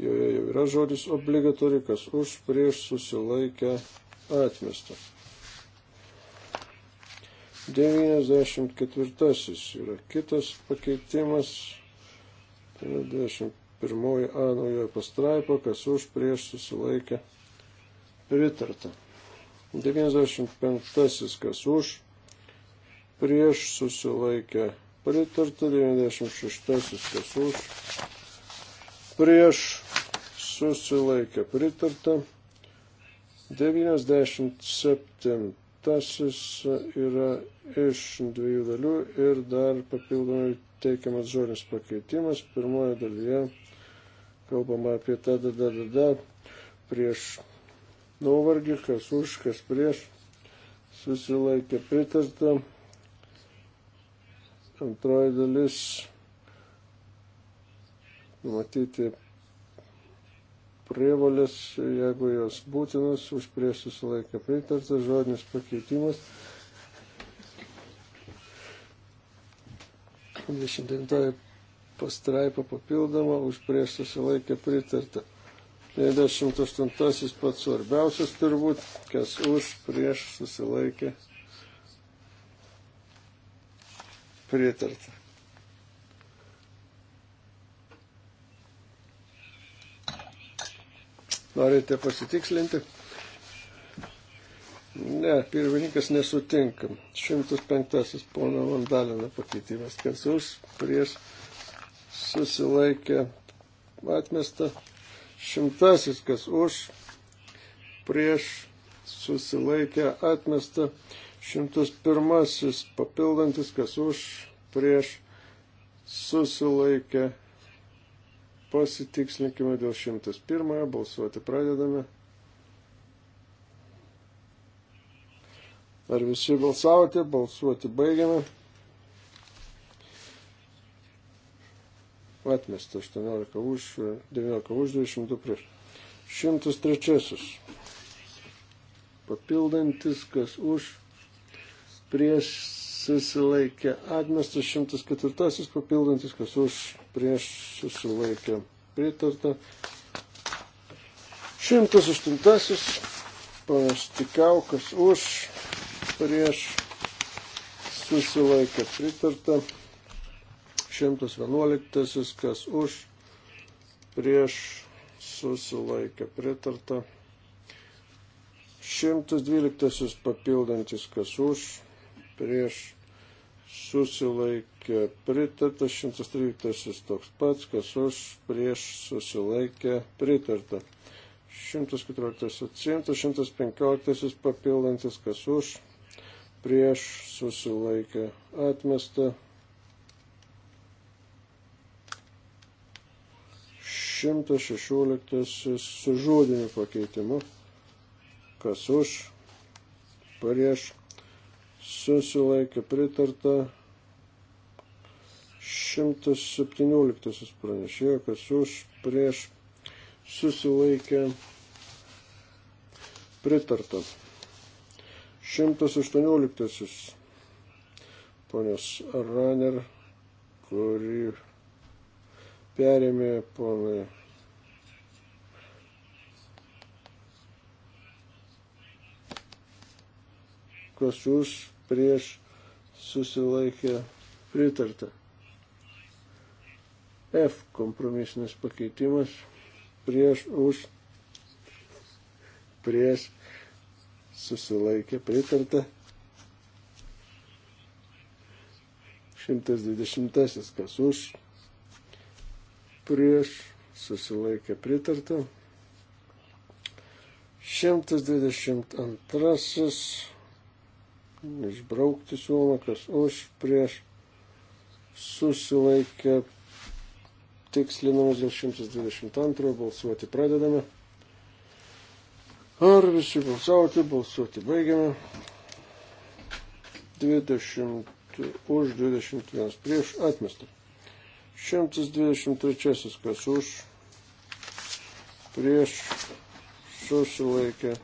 joje jau yra žodis obligatorikas už prieš susilaikę atmestą. 94 yra kitas pakeitimas, 91 tai A naujoje pastraipo, kas už prieš susilaikę pritarta. 95 kas už prieš susilaikę pritarta, 96 kas už prieš susilaikė pritarta. 97 yra iš dviejų dalių ir dar papildomai teikiamas žodis pakeitimas. Pirmoje dalyje kalbama apie tą dadadada prieš nuovargį, kas už, kas prieš susilaikė pritarta. Antroji dalis matyti prievalės, jeigu jos būtinos, už prieš susilaikę pritartas žodinis pakeitimas. 29 pastraipa papildoma, už prieš susilaikę pritartą. 58 pats svarbiausias turbūt, kas už prieš susilaikė pritartą. Norite pasitikslinti? Ne, pirmininkas nesutinka. 105 pono Vandalino pakeitimas. Kas už, prieš susilaikė atmesta. Šimtasis, kas už, prieš susilaikė atmesta. Šimtas pirmasis papildantis, kas už, prieš susilaikė atmesta Pasitikslinkime dėl 101. Balsuoti pradedame. Ar visi balsavote? Balsuoti baigiame. Atmesta 18 už, 19 už, 22 prieš. 103. Papildantis, kas už, prieš susilaikė atmestas 104 papildantis, kas už prieš susilaikė pritarta. 108 panastikau, kas už prieš susilaikė pritarta. 111 kas už prieš susilaikė pritarta. 112 papildantis, kas už prieš susilaikė pritarta, 113 toks pats, kas už prieš susilaikė pritarta. 114 atsiimtas, 115 papildantis, kas už prieš susilaikė atmesta. 116 su žodiniu pakeitimu, kas už prieš susilaikė pritarta 117 pranešėjo, kas už prieš susilaikė pritarta. 118 ponios Raner, kuri perėmė ponai kas už prieš susilaikę pritarta. F kompromisinis pakeitimas prieš už prieš susilaikė pritarta. 120 kas už prieš susilaikė pritarta. 122 išbraukti siūloma, kas už, prieš, susilaikė, tikslinamas dėl 122, balsuoti pradedame. Ar visi balsavote, balsuoti baigiame. 20 už, 21 prieš, atmestą. 123 kas už, prieš, susilaikė,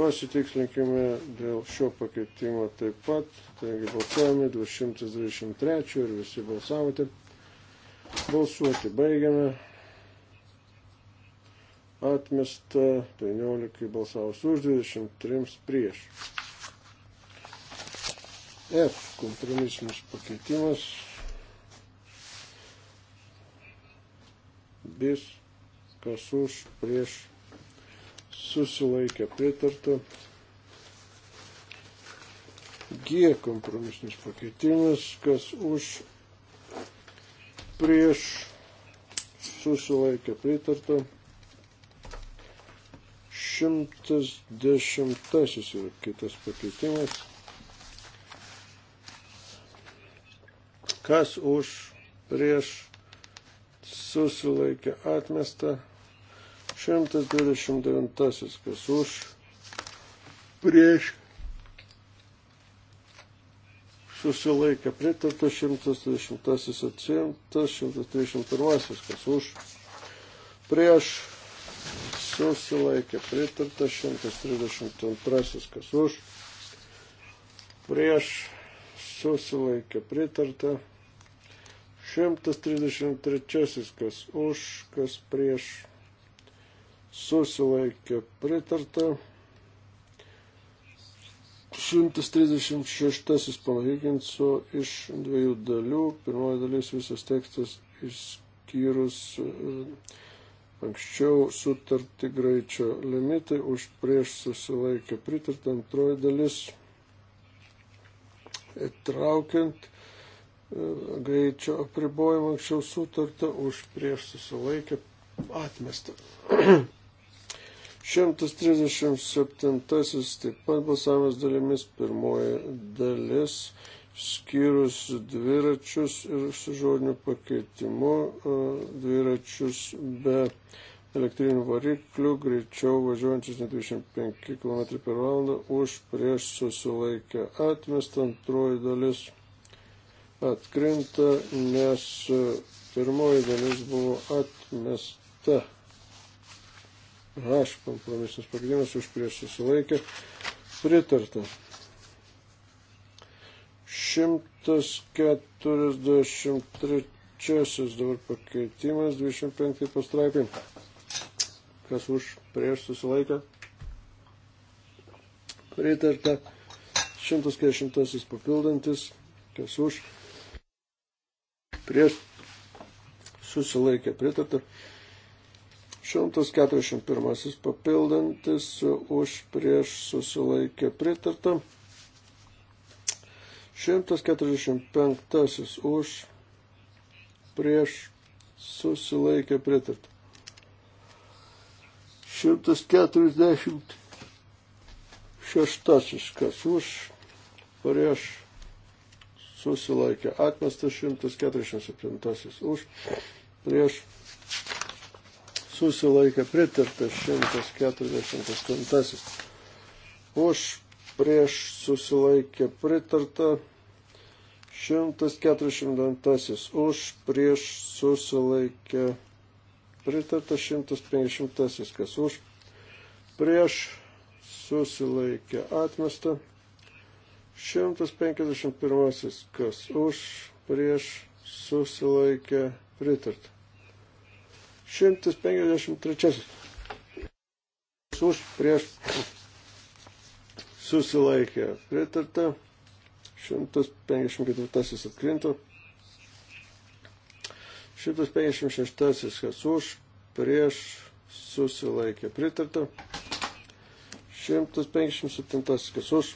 Pasitikslinkime dėl šio pakeitimo taip pat, taigi balsuojame 223 ir visi balsavote. Balsuoti baigiame. Atmesta 19 balsavus už 23 prieš. F kompromisinis pakeitimas. Bis kas už prieš susilaikė pritarta. G kompromisinis pakeitimas, kas už prieš susilaikė pritarta. 110 yra kitas pakeitimas. Kas už prieš susilaikė atmesta. 129. Kas už? Prieš. Susilaikė pritarta 130 atsiimtas, 131 kas už, prieš susilaikė pritarta 132 kas už, prieš susilaikė pritarta 133 kas už, kas prieš susilaikė pritarta. 136 panalyginsiu iš dviejų dalių. Pirmoji dalis visas tekstas išskyrus e, anksčiau sutarti greičio limitai už prieš susilaikė pritarta. Antroji dalis įtraukiant e, greičio apribojimą anksčiau sutarta už prieš susilaikę atmestą. <clears throat> 137 taip pat balsavimas dalimis, pirmoji dalis, skyrus dviračius ir su žodiniu pakeitimu, e, dviračius be elektrinių variklių, greičiau važiuojančius ne 25 km per valandą, už prieš susilaikę atmestą antroji dalis atkrinta, nes e, pirmoji dalis buvo atmesta. H kompromisinis pakeitimas už prieš susilaikė pritarta. 143 dabar pakeitimas 25 pastraipai. Kas už prieš susilaikė pritarta. 140 papildantis, kas už prieš susilaikė pritarta. 141 papildantis už prieš susilaikė pritarta. 145 už prieš susilaikė pritarta. 146 kas už prieš susilaikė atmestas 147 už prieš susilaikė pritarta 148. Už prieš susilaikė pritarta 149. Už prieš susilaikė pritarta 150. Kas už prieš susilaikė atmesta 151. Kas už prieš susilaikė pritarta. 153. Už prieš susilaikė. Pritarta. 154 atkrinto. 156 kas už prieš susilaikė. Pritarta. 157 kas už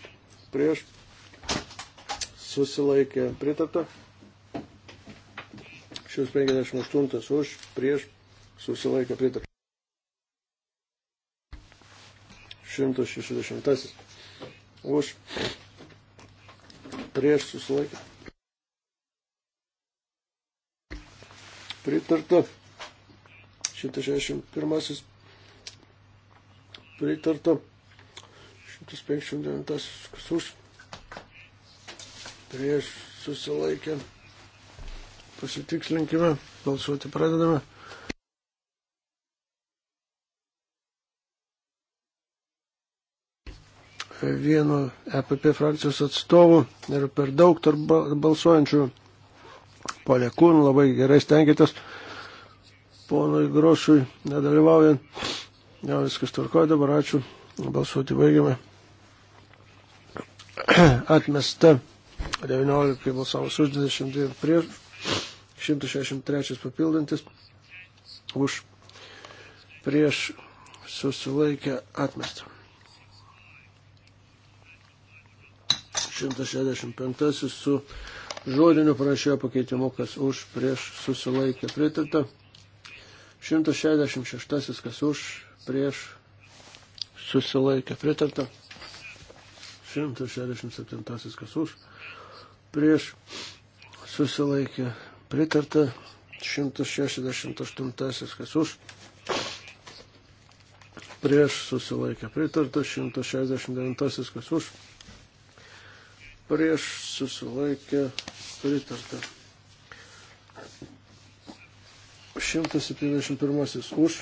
prieš susilaikė. Pritarta. 158 už prieš susilaiko pritarta. 160 už prieš susilaikė. Pritarta 161. Pritarta 159. Kas už prieš susilaikė. Pasitikslinkime, balsuoti pradedame. vieno EPP frakcijos atstovų ir per daug tarp balsuojančių. Pone Kūn, labai gerai stengiatės ponui Grošui nedalyvaujant. Jau viskas tvarkoja dabar, ačiū. Balsuoti baigiame. <clears throat> Atmesta 19 balsavus už 22 prieš, 163 papildantis už prieš susilaikę atmestą. 165 su žodiniu pranešėjo pakeitimu, kas už, prieš, susilaikė, pritarta. 166 kas už, prieš, susilaikė, pritarta. 167 kas už, prieš, susilaikė, pritarta. 168 kas už, prieš susilaikė pritarta, 169 kas už, prieš susilaikė pritarta. 171 už,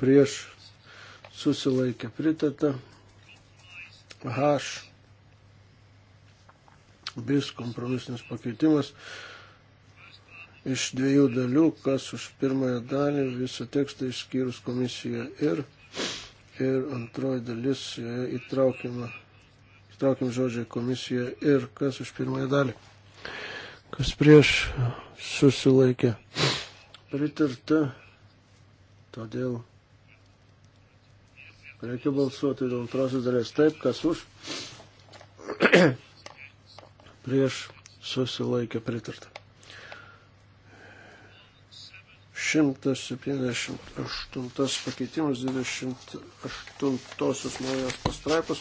prieš susilaikė pritarta. H. Bis kompromisinis pakeitimas iš dviejų dalių, kas už pirmąją dalį visą tekstą išskyrus komisiją ir, ir antroji dalis įtraukiama Traukiam žodžią komisiją ir kas už pirmąją dalį. Kas prieš susilaikė. Pritarta. Todėl reikia balsuoti dėl antrosios dalies taip, kas už. <clears throat> prieš susilaikė pritarta. 178 pakeitimas 28 naujos pastraipos.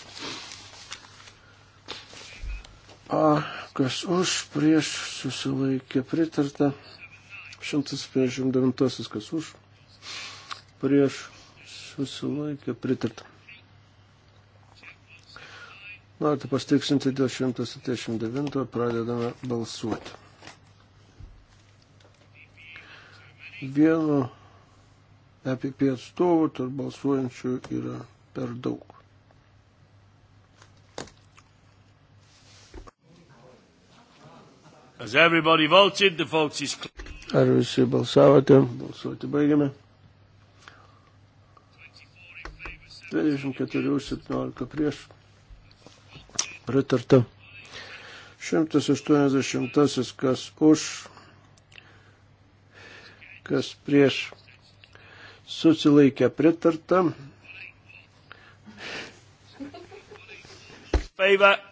A, kas už, prieš susilaikė pritarta. 159, kas už, prieš susilaikė pritarta. Norite pastiksinti dėl 179, pradedame balsuoti. Vienu EPP atstovu tarp balsuojančių yra per daug. As everybody voted, the vote is Ar visi balsavote? Balsuoti baigiame. 24 už 17 prieš. Pritarta. 180 kas už, kas prieš. Susilaikė pritarta. Favor.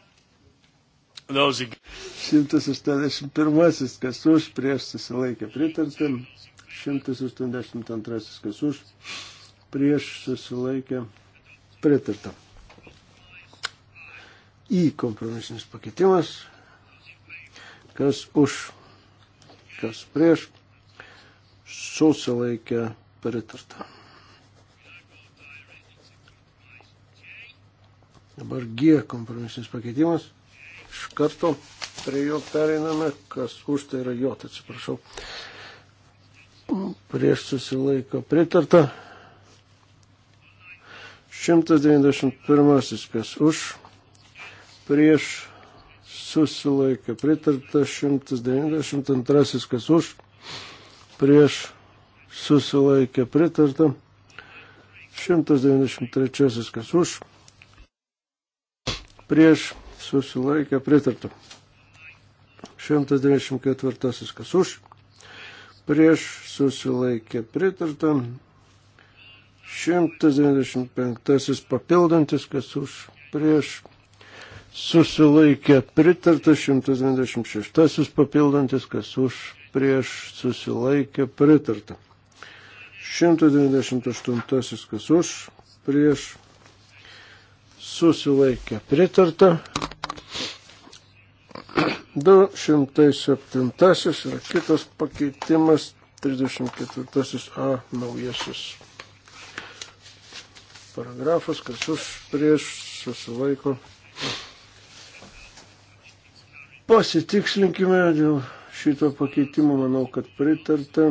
181, kas už, prieš susilaikė pritarta. 182, kas už, prieš susilaikė pritarta. Į kompromisinis pakeitimas, kas už, kas prieš susilaikė pritarta. Dabar G kompromisinis pakeitimas. Iš karto prie jo pereiname, kas už tai yra jot, tai atsiprašau. Prieš susilaiko pritarta. 191. kas už. Prieš susilaikė pritarta. 192. kas už. Prieš susilaikė pritarta. 193. kas už. Prieš susilaikė pritarta. 194 kas už, prieš susilaikė pritarta. 195 papildantis kas už, prieš susilaikė pritarta. 196 papildantis kas už, prieš susilaikė pritarta. 198 kas už, prieš susilaikė pritarta. 207 yra kitas pakeitimas, 34 A naujasis paragrafas, kas už prieš susilaiko. Pasitikslinkime dėl šito pakeitimo, manau, kad pritarta.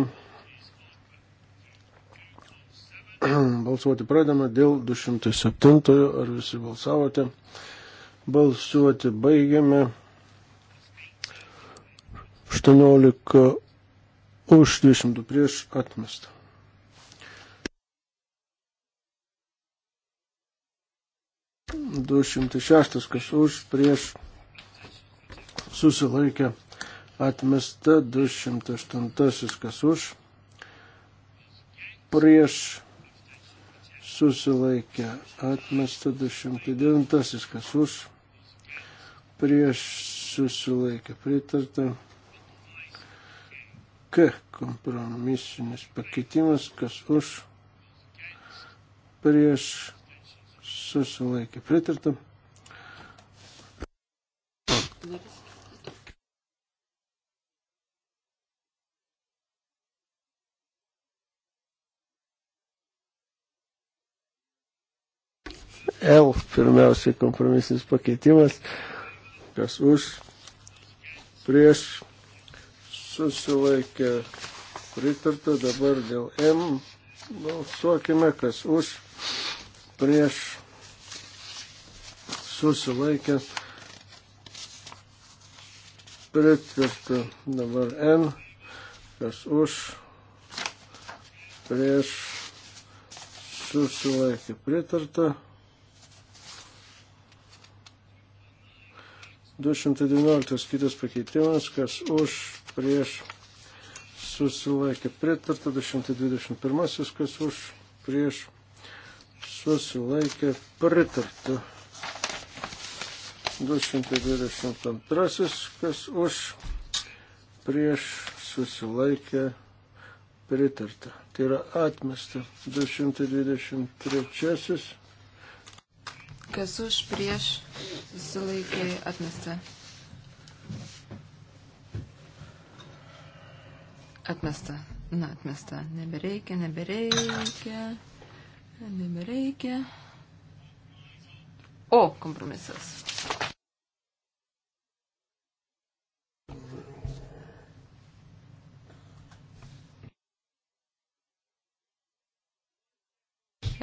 Balsuoti pradama dėl 207 ar visi balsavote. Balsuoti baigiame. 18 už 22 prieš atmestą. Du šimtai šeštas, kas už, prieš susilaikė atmesta, du šimtai aštuntasis, kas už, prieš susilaikė atmesta, du šimtai devintasis, kas už, prieš susilaikė pritarta. K kompromisinis pakeitimas, kas už prieš susilaikė pritartą. L pirmiausiai kompromisinis pakeitimas, kas už prieš susilaikė pritarta. Dabar dėl M balsuokime, kas už, prieš susilaikė pritarta. Dabar N, kas už, prieš susilaikė pritarta. 219 kitas pakeitimas, kas už prieš susilaikė pritarta, 221 kas už prieš susilaikė pritarta, 222 kas už prieš susilaikė pritarta. Tai yra atmesta 223 kas už prieš susilaikė atmesta. Atmesta. Na, atmesta. Nebereikia, nebereikia. Nebereikia. O kompromisas.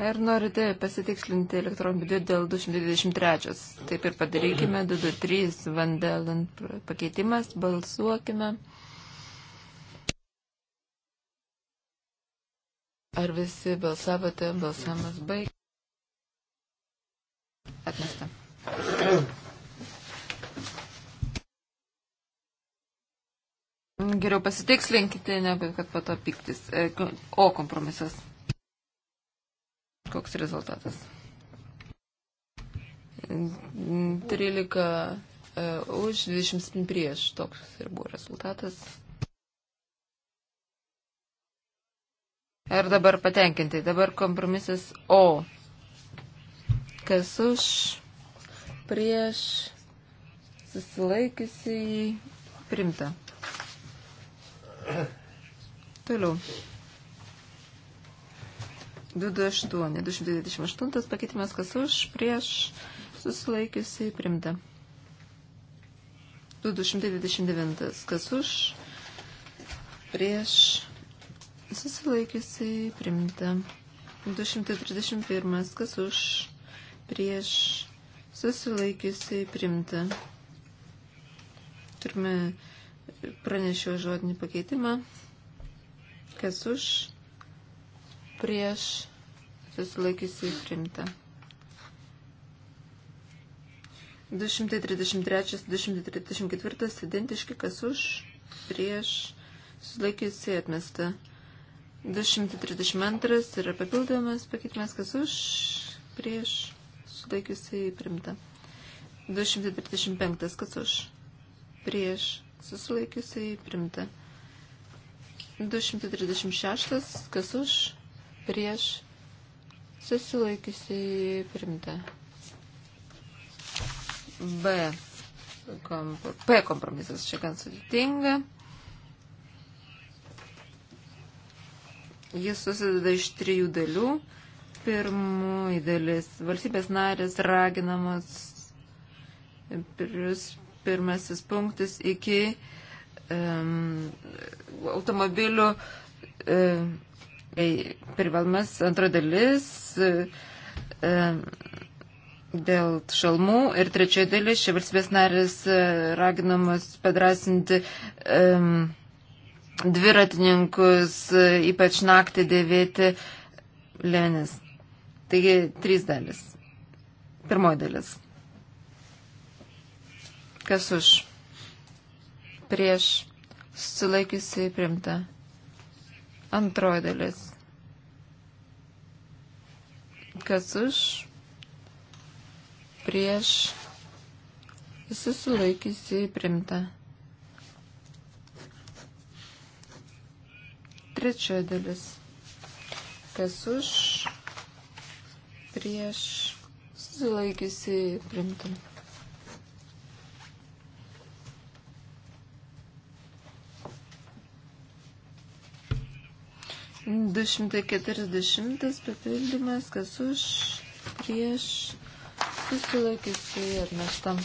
Ar norite pasitikslinti elektroniniu būdu dėl 223? Taip ir padarykime. 223 Vandelen pakeitimas. Balsuokime. Balsuokime. Ar visi balsavote? Balsamas baig. Atmesta. Geriau pasitikslinkite, negu kad po to piktis. E, o kompromisas. Koks rezultatas? 13 e, už, 27 prieš. Toks ir buvo rezultatas. Ar dabar patenkinti? Dabar kompromisas O. Kas už, prieš, susilaikiusi į primtą. Toliau. 228, 228 pakeitimas kas už, prieš, susilaikiusi į primtą. 229, kas už, prieš, susilaikiusiai primta. 231. Kas už prieš susilaikiusiai primta. Turime pranešio žodinį pakeitimą. Kas už prieš susilaikiusiai primta. 233, 234 identiški, kas už, prieš, sulaikiusi atmesta. 232 yra papildomas pakeitimas, kas už, prieš, sulaikiusiai primta. 235 kas už, prieš, susilaikiusiai primta. 236 kas už, prieš, susilaikiusiai primta. B. Komp P kompromisas čia gan sudėtinga. Jis susideda iš trijų dalių. Pirmoji dalis - valstybės narės raginamos pirmasis punktas iki um, automobilių um, privalmas antra dalis um, dėl šalmų ir trečioji dalis - šia valstybės narės raginamos padrasinti um, dviratininkus, ypač naktį dėvėti lėnis. Taigi, trys dalis. Pirmoji dalis. Kas už? Prieš sulaikiusi primta. Antroji dalis. Kas už? Prieš susilaikiusi primta. Trečioji dalis. Kas už, prieš, susilaikysi primtam. Du šimtai keturiasdešimtas papildymas, kas už, prieš, susilaikysi atmestam.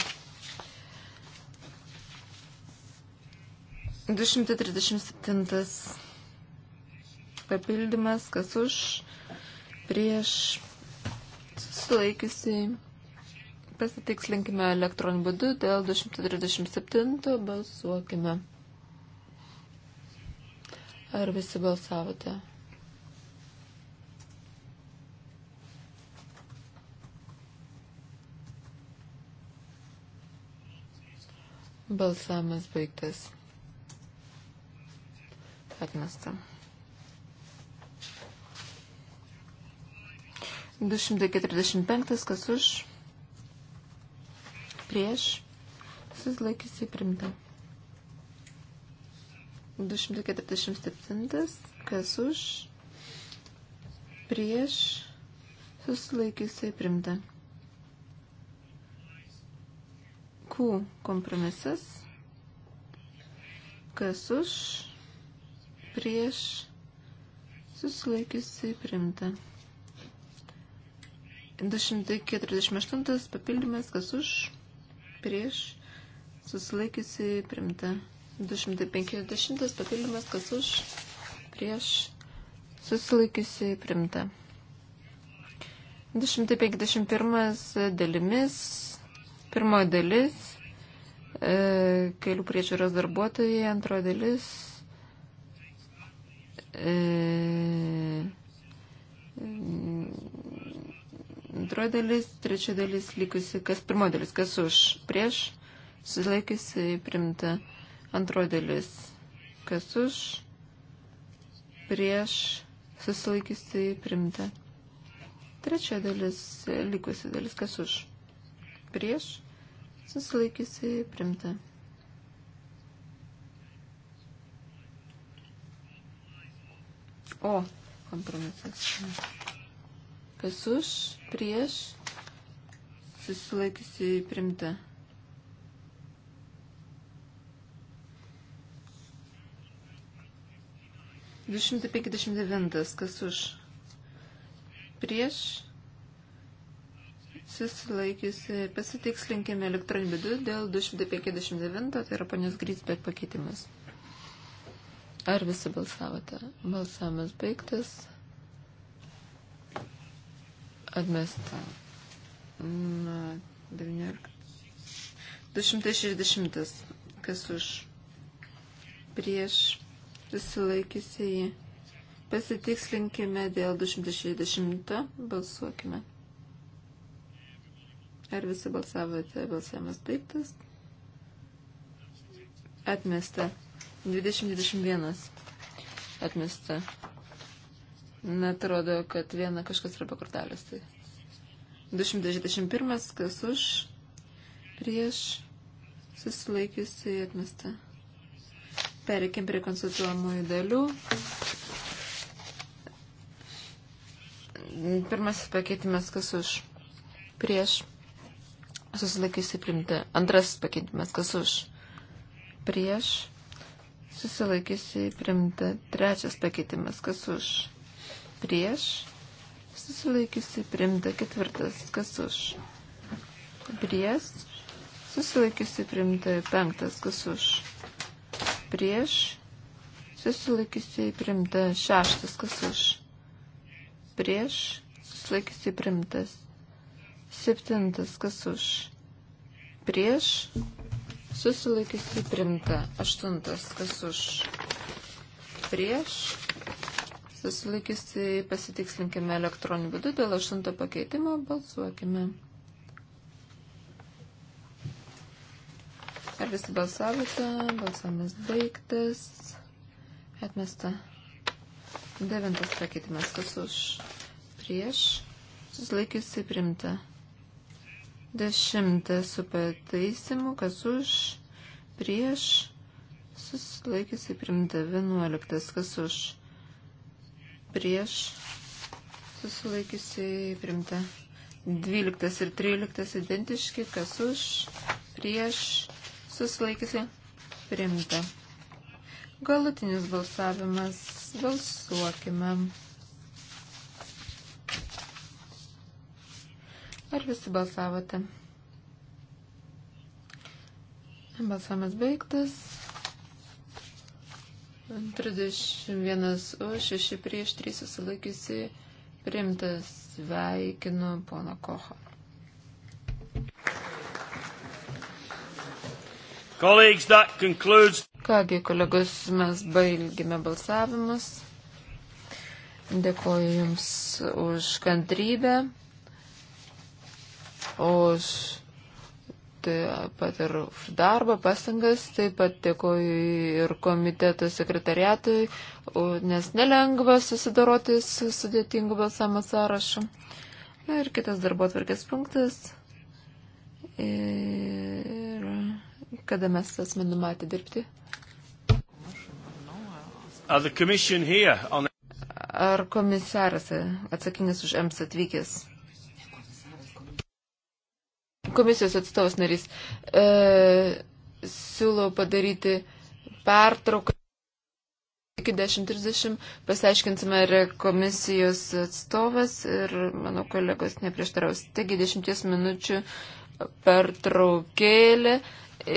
237 papildymas, kas už, prieš, susilaikiusiai. Pasitikslinkime elektroniniu būdu dėl 237 balsuokime. Ar visi balsavote? Balsavimas baigtas. Atmesta. 245, kas už, prieš, susilaikiusi primta. 247, kas už, prieš, susilaikiusi primta. Q kompromisas, kas už, prieš, susilaikiusi primta. 248 papildymas, kas už, prieš, susilaikiusi primta. 250 papildymas, kas už, prieš, susilaikiusi primta. 251 dalimis, pirmoji dalis, e, kelių priežiūros darbuotojai, antroji dalis. E, antroji dalis, trečioji dalis likusi, kas pirmoji dalis, kas už, prieš, susilaikiusi primta, antroji dalis, kas už, prieš, susilaikiusi primta, trečioji dalis, likusi dalis, kas už, prieš, susilaikiusi primta. O, kompromisas. Kas už, prieš, susilaikiusi primta. Du šimtai penkiasdešimt devintas. Kas už, prieš, susilaikiusi. Pasitikslinkime elektroniniu būdu dėl 259, tai yra panios Grisbek pakeitimas. Ar visi balsavote? Balsavimas baigtas. Atmesta. Na, 19. 260. Kas už? Prieš susilaikysiai. Pasitikslinkime dėl 260. Balsuokime. Ar visi balsavote? Balsavimas baigtas. Atmesta. 2021. Atmesta. Netrodo, kad viena kažkas yra pakortelės. Tai 221, kas už, prieš, susilaikiusi atmesta. Pereikim prie konsultuojamųjų dalių. Pirmasis pakeitimas, kas už, prieš, susilaikiusi primti. Antrasis pakeitimas, kas už, prieš, susilaikiusi primti. Trečias pakeitimas, kas už prieš, susilaikiusi primta ketvirtas, kas už, prieš, susilaikiusi primta penktas, kas už, prieš, susilaikiusi primta šeštas, kas už, prieš, susilaikiusi primtas septintas, kas už, prieš, susilaikiusi primta aštuntas, kas už, prieš, susilaikiusi, pasitikslinkime elektroniniu būdu dėl aštunto pakeitimo, balsuokime. Ar visi balsavote? Balsavimas baigtas. Atmesta. Devintas pakeitimas, kas už prieš. Susilaikiusi primta. Dešimtas su pataisimu, kas už prieš. Susilaikiusi primta. Vienuoliktas, kas už prieš prieš susilaikiusiai primta. 12 ir 13 identiški, kas už, prieš susilaikiusiai primta. Galutinis balsavimas. Balsuokime. Ar visi balsavote? Balsavimas baigtas. 31 už, 6 prieš 3 susilaikysi primtas. Sveikinu pono Kocho. Kągi, kolegos, mes baigime balsavimus. Dėkoju Jums už kantrybę, už taip pat ir už darbą, pasangas, taip pat dėkoju ir komiteto sekretariatui, nes nelengva susidoroti su sudėtingu balsavimo sąrašu. Na ir kitas darbo atvarkės punktas. Ir kada mes esame numatę dirbti? Ar komisaras atsakingas už EMS atvykęs? komisijos atstovas narys, e, siūlau padaryti pertrauką. Iki 10.30 pasiaiškinsime, ar komisijos atstovas ir mano kolegos neprieštaraus. Taigi 10 minučių pertraukėlė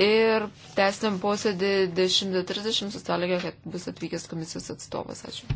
ir tęsim posėdį 10.30 su sąlyga, kad bus atvykęs komisijos atstovas. Ačiū.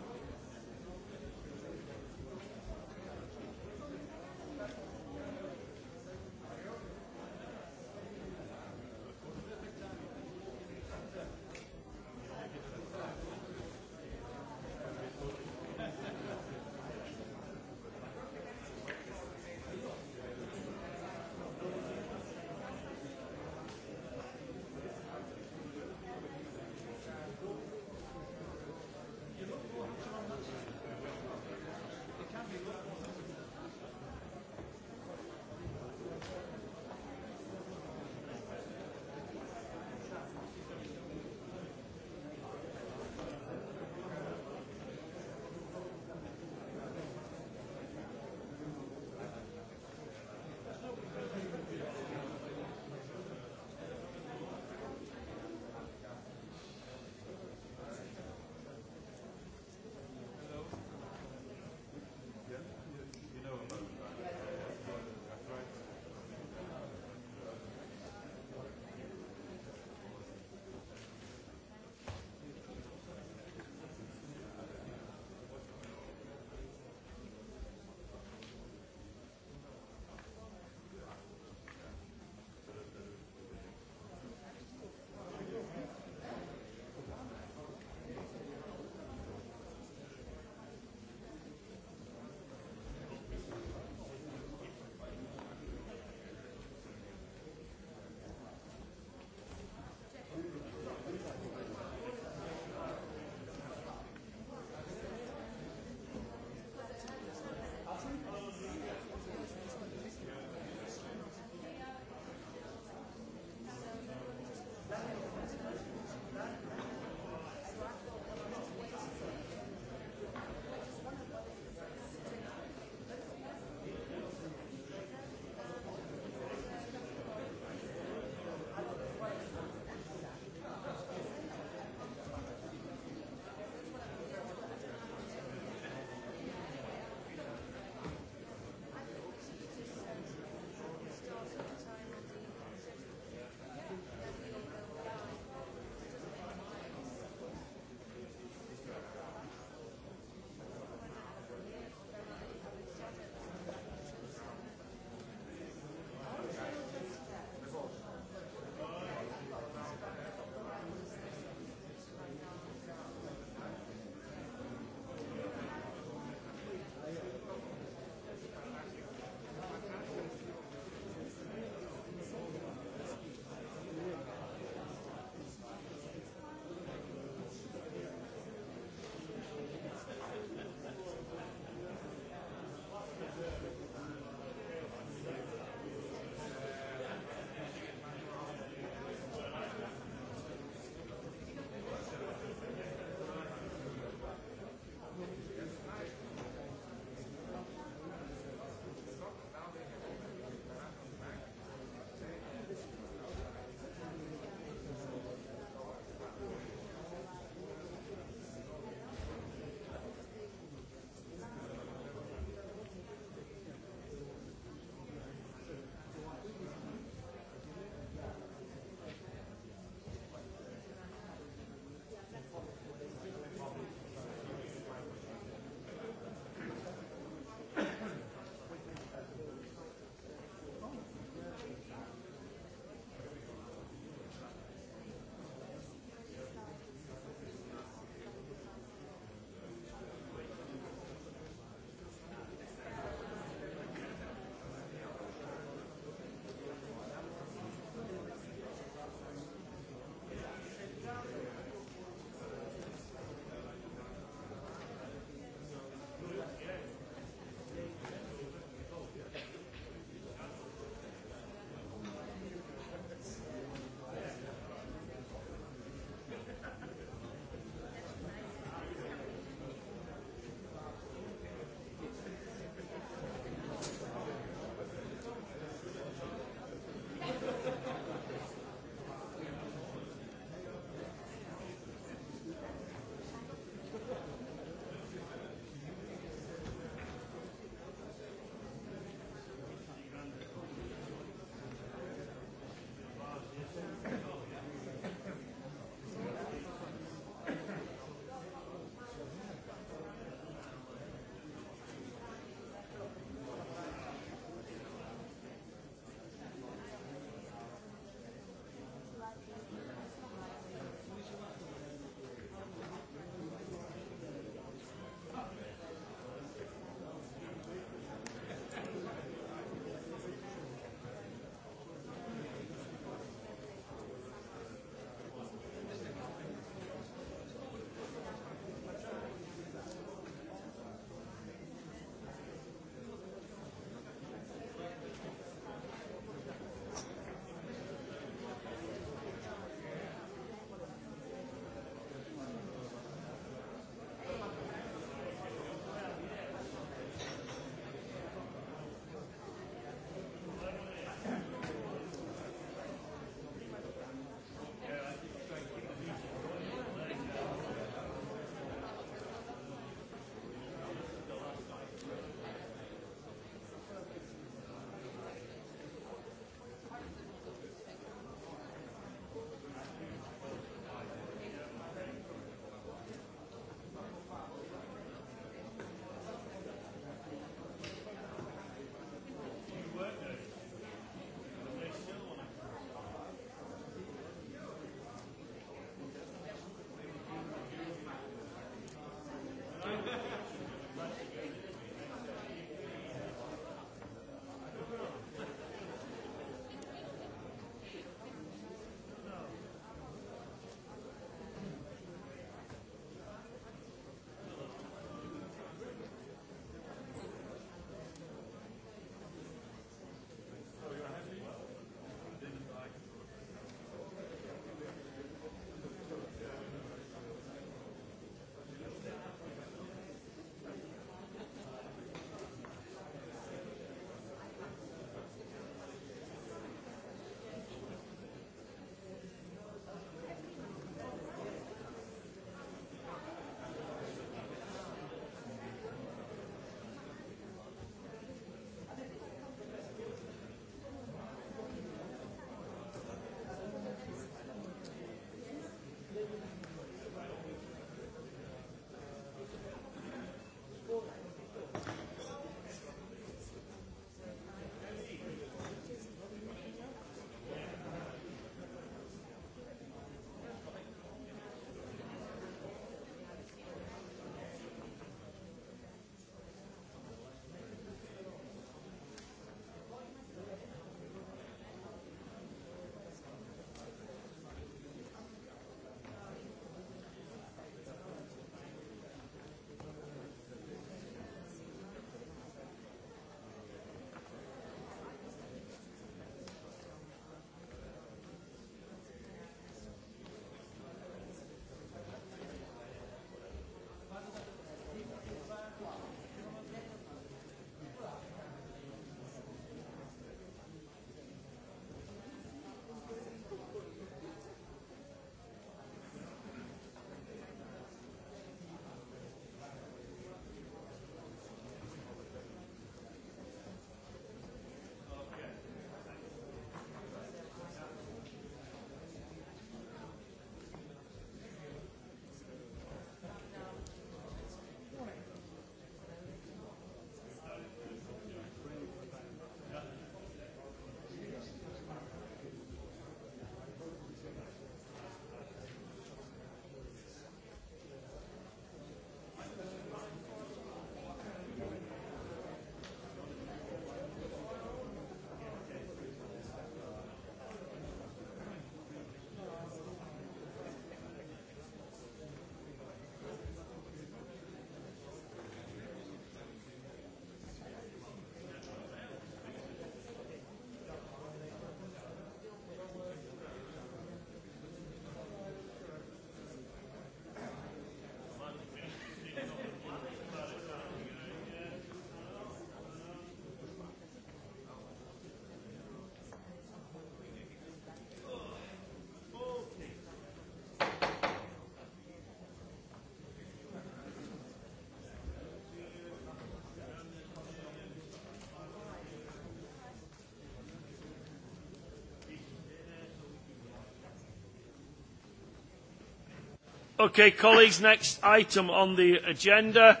Okay, colleagues, next item on the agenda.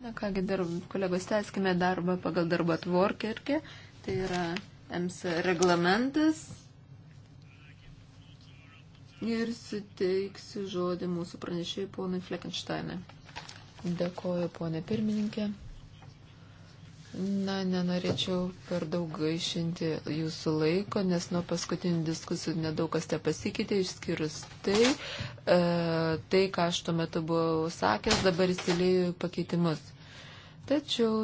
Na kągi, dar, kolegos, tęskime darbą pagal darbo tvarkirkę. Tai yra EMS reglamentas. Ir suteiksiu žodį mūsų pranešėjai ponui Fleckensteinui. Dėkoju, ponė pirmininkė. Na, nenorėčiau per daug gaišinti jūsų laiko, nes nuo paskutinių diskusijų nedaug kas te pasikeitė, išskyrus tai, e, tai, ką aš tuo metu buvau sakęs, dabar įsilėjau į pakeitimus. Tačiau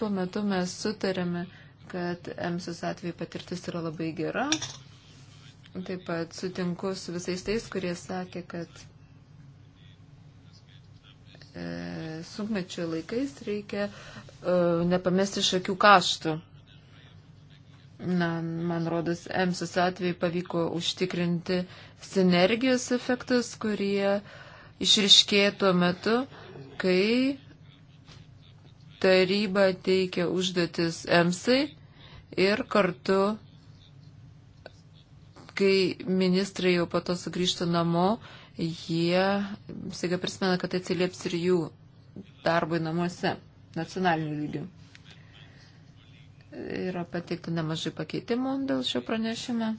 tuo metu mes sutarėme, kad MSUS atveju patirtis yra labai gera. Taip pat sutinku su visais tais, kurie sakė, kad e, sunkmečio laikais reikia E, nepamesti iš akių kaštų. Na, man rodos, EMSUS atveju pavyko užtikrinti sinergijos efektus, kurie išriškėjo tuo metu, kai taryba teikia užduotis EMSai ir kartu, kai ministrai jau po to sugrįžta namo, jie, sėga prisimena, kad atsilieps ir jų darbui namuose nacionalinių lygių. Yra pateikta nemažai pakeitimų dėl šio pranešime.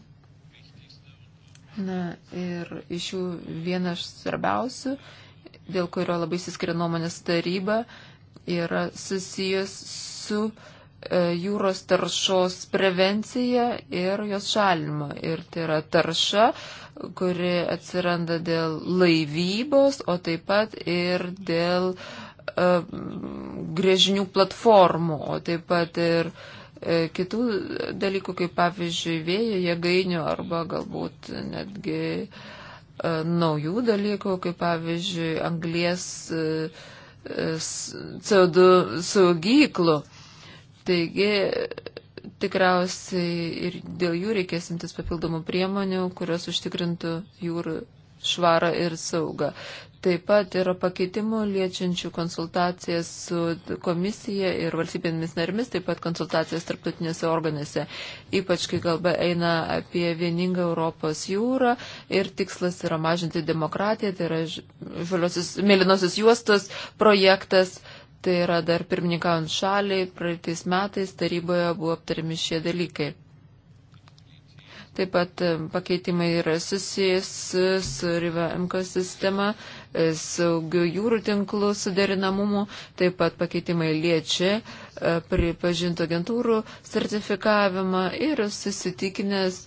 Na ir iš jų vienas svarbiausių, dėl kurio labai įsiskiria nuomonės taryba, yra susijęs su e, jūros taršos prevencija ir jos šalinimo. Ir tai yra tarša, kuri atsiranda dėl laivybos, o taip pat ir dėl uh, grėžinių platformų, o taip pat ir e, kitų dalykų, kaip pavyzdžiui vėjo jėgainių arba galbūt netgi e, naujų dalykų, kaip pavyzdžiui anglies e, CO2 saugyklų. Taigi tikriausiai ir dėl jų reikės imtis papildomų priemonių, kurios užtikrintų jūrų švarą ir saugą. Taip pat yra pakeitimų liečiančių konsultacijas su komisija ir valstybėmis narimis, taip pat konsultacijas tarptautinėse organėse. Ypač, kai kalba eina apie vieningą Europos jūrą ir tikslas yra mažinti demokratiją, tai yra žaliosios, mėlynosios juostos projektas. Tai yra dar pirmininkaujant šaliai, praeitais metais taryboje buvo aptarimi šie dalykai. Taip pat e, pakeitimai yra susijęs su RIVMK sistema, saugių jūrų tinklų suderinamumu, taip pat pakeitimai liečia e, pripažintų agentūrų sertifikavimą ir susitikinęs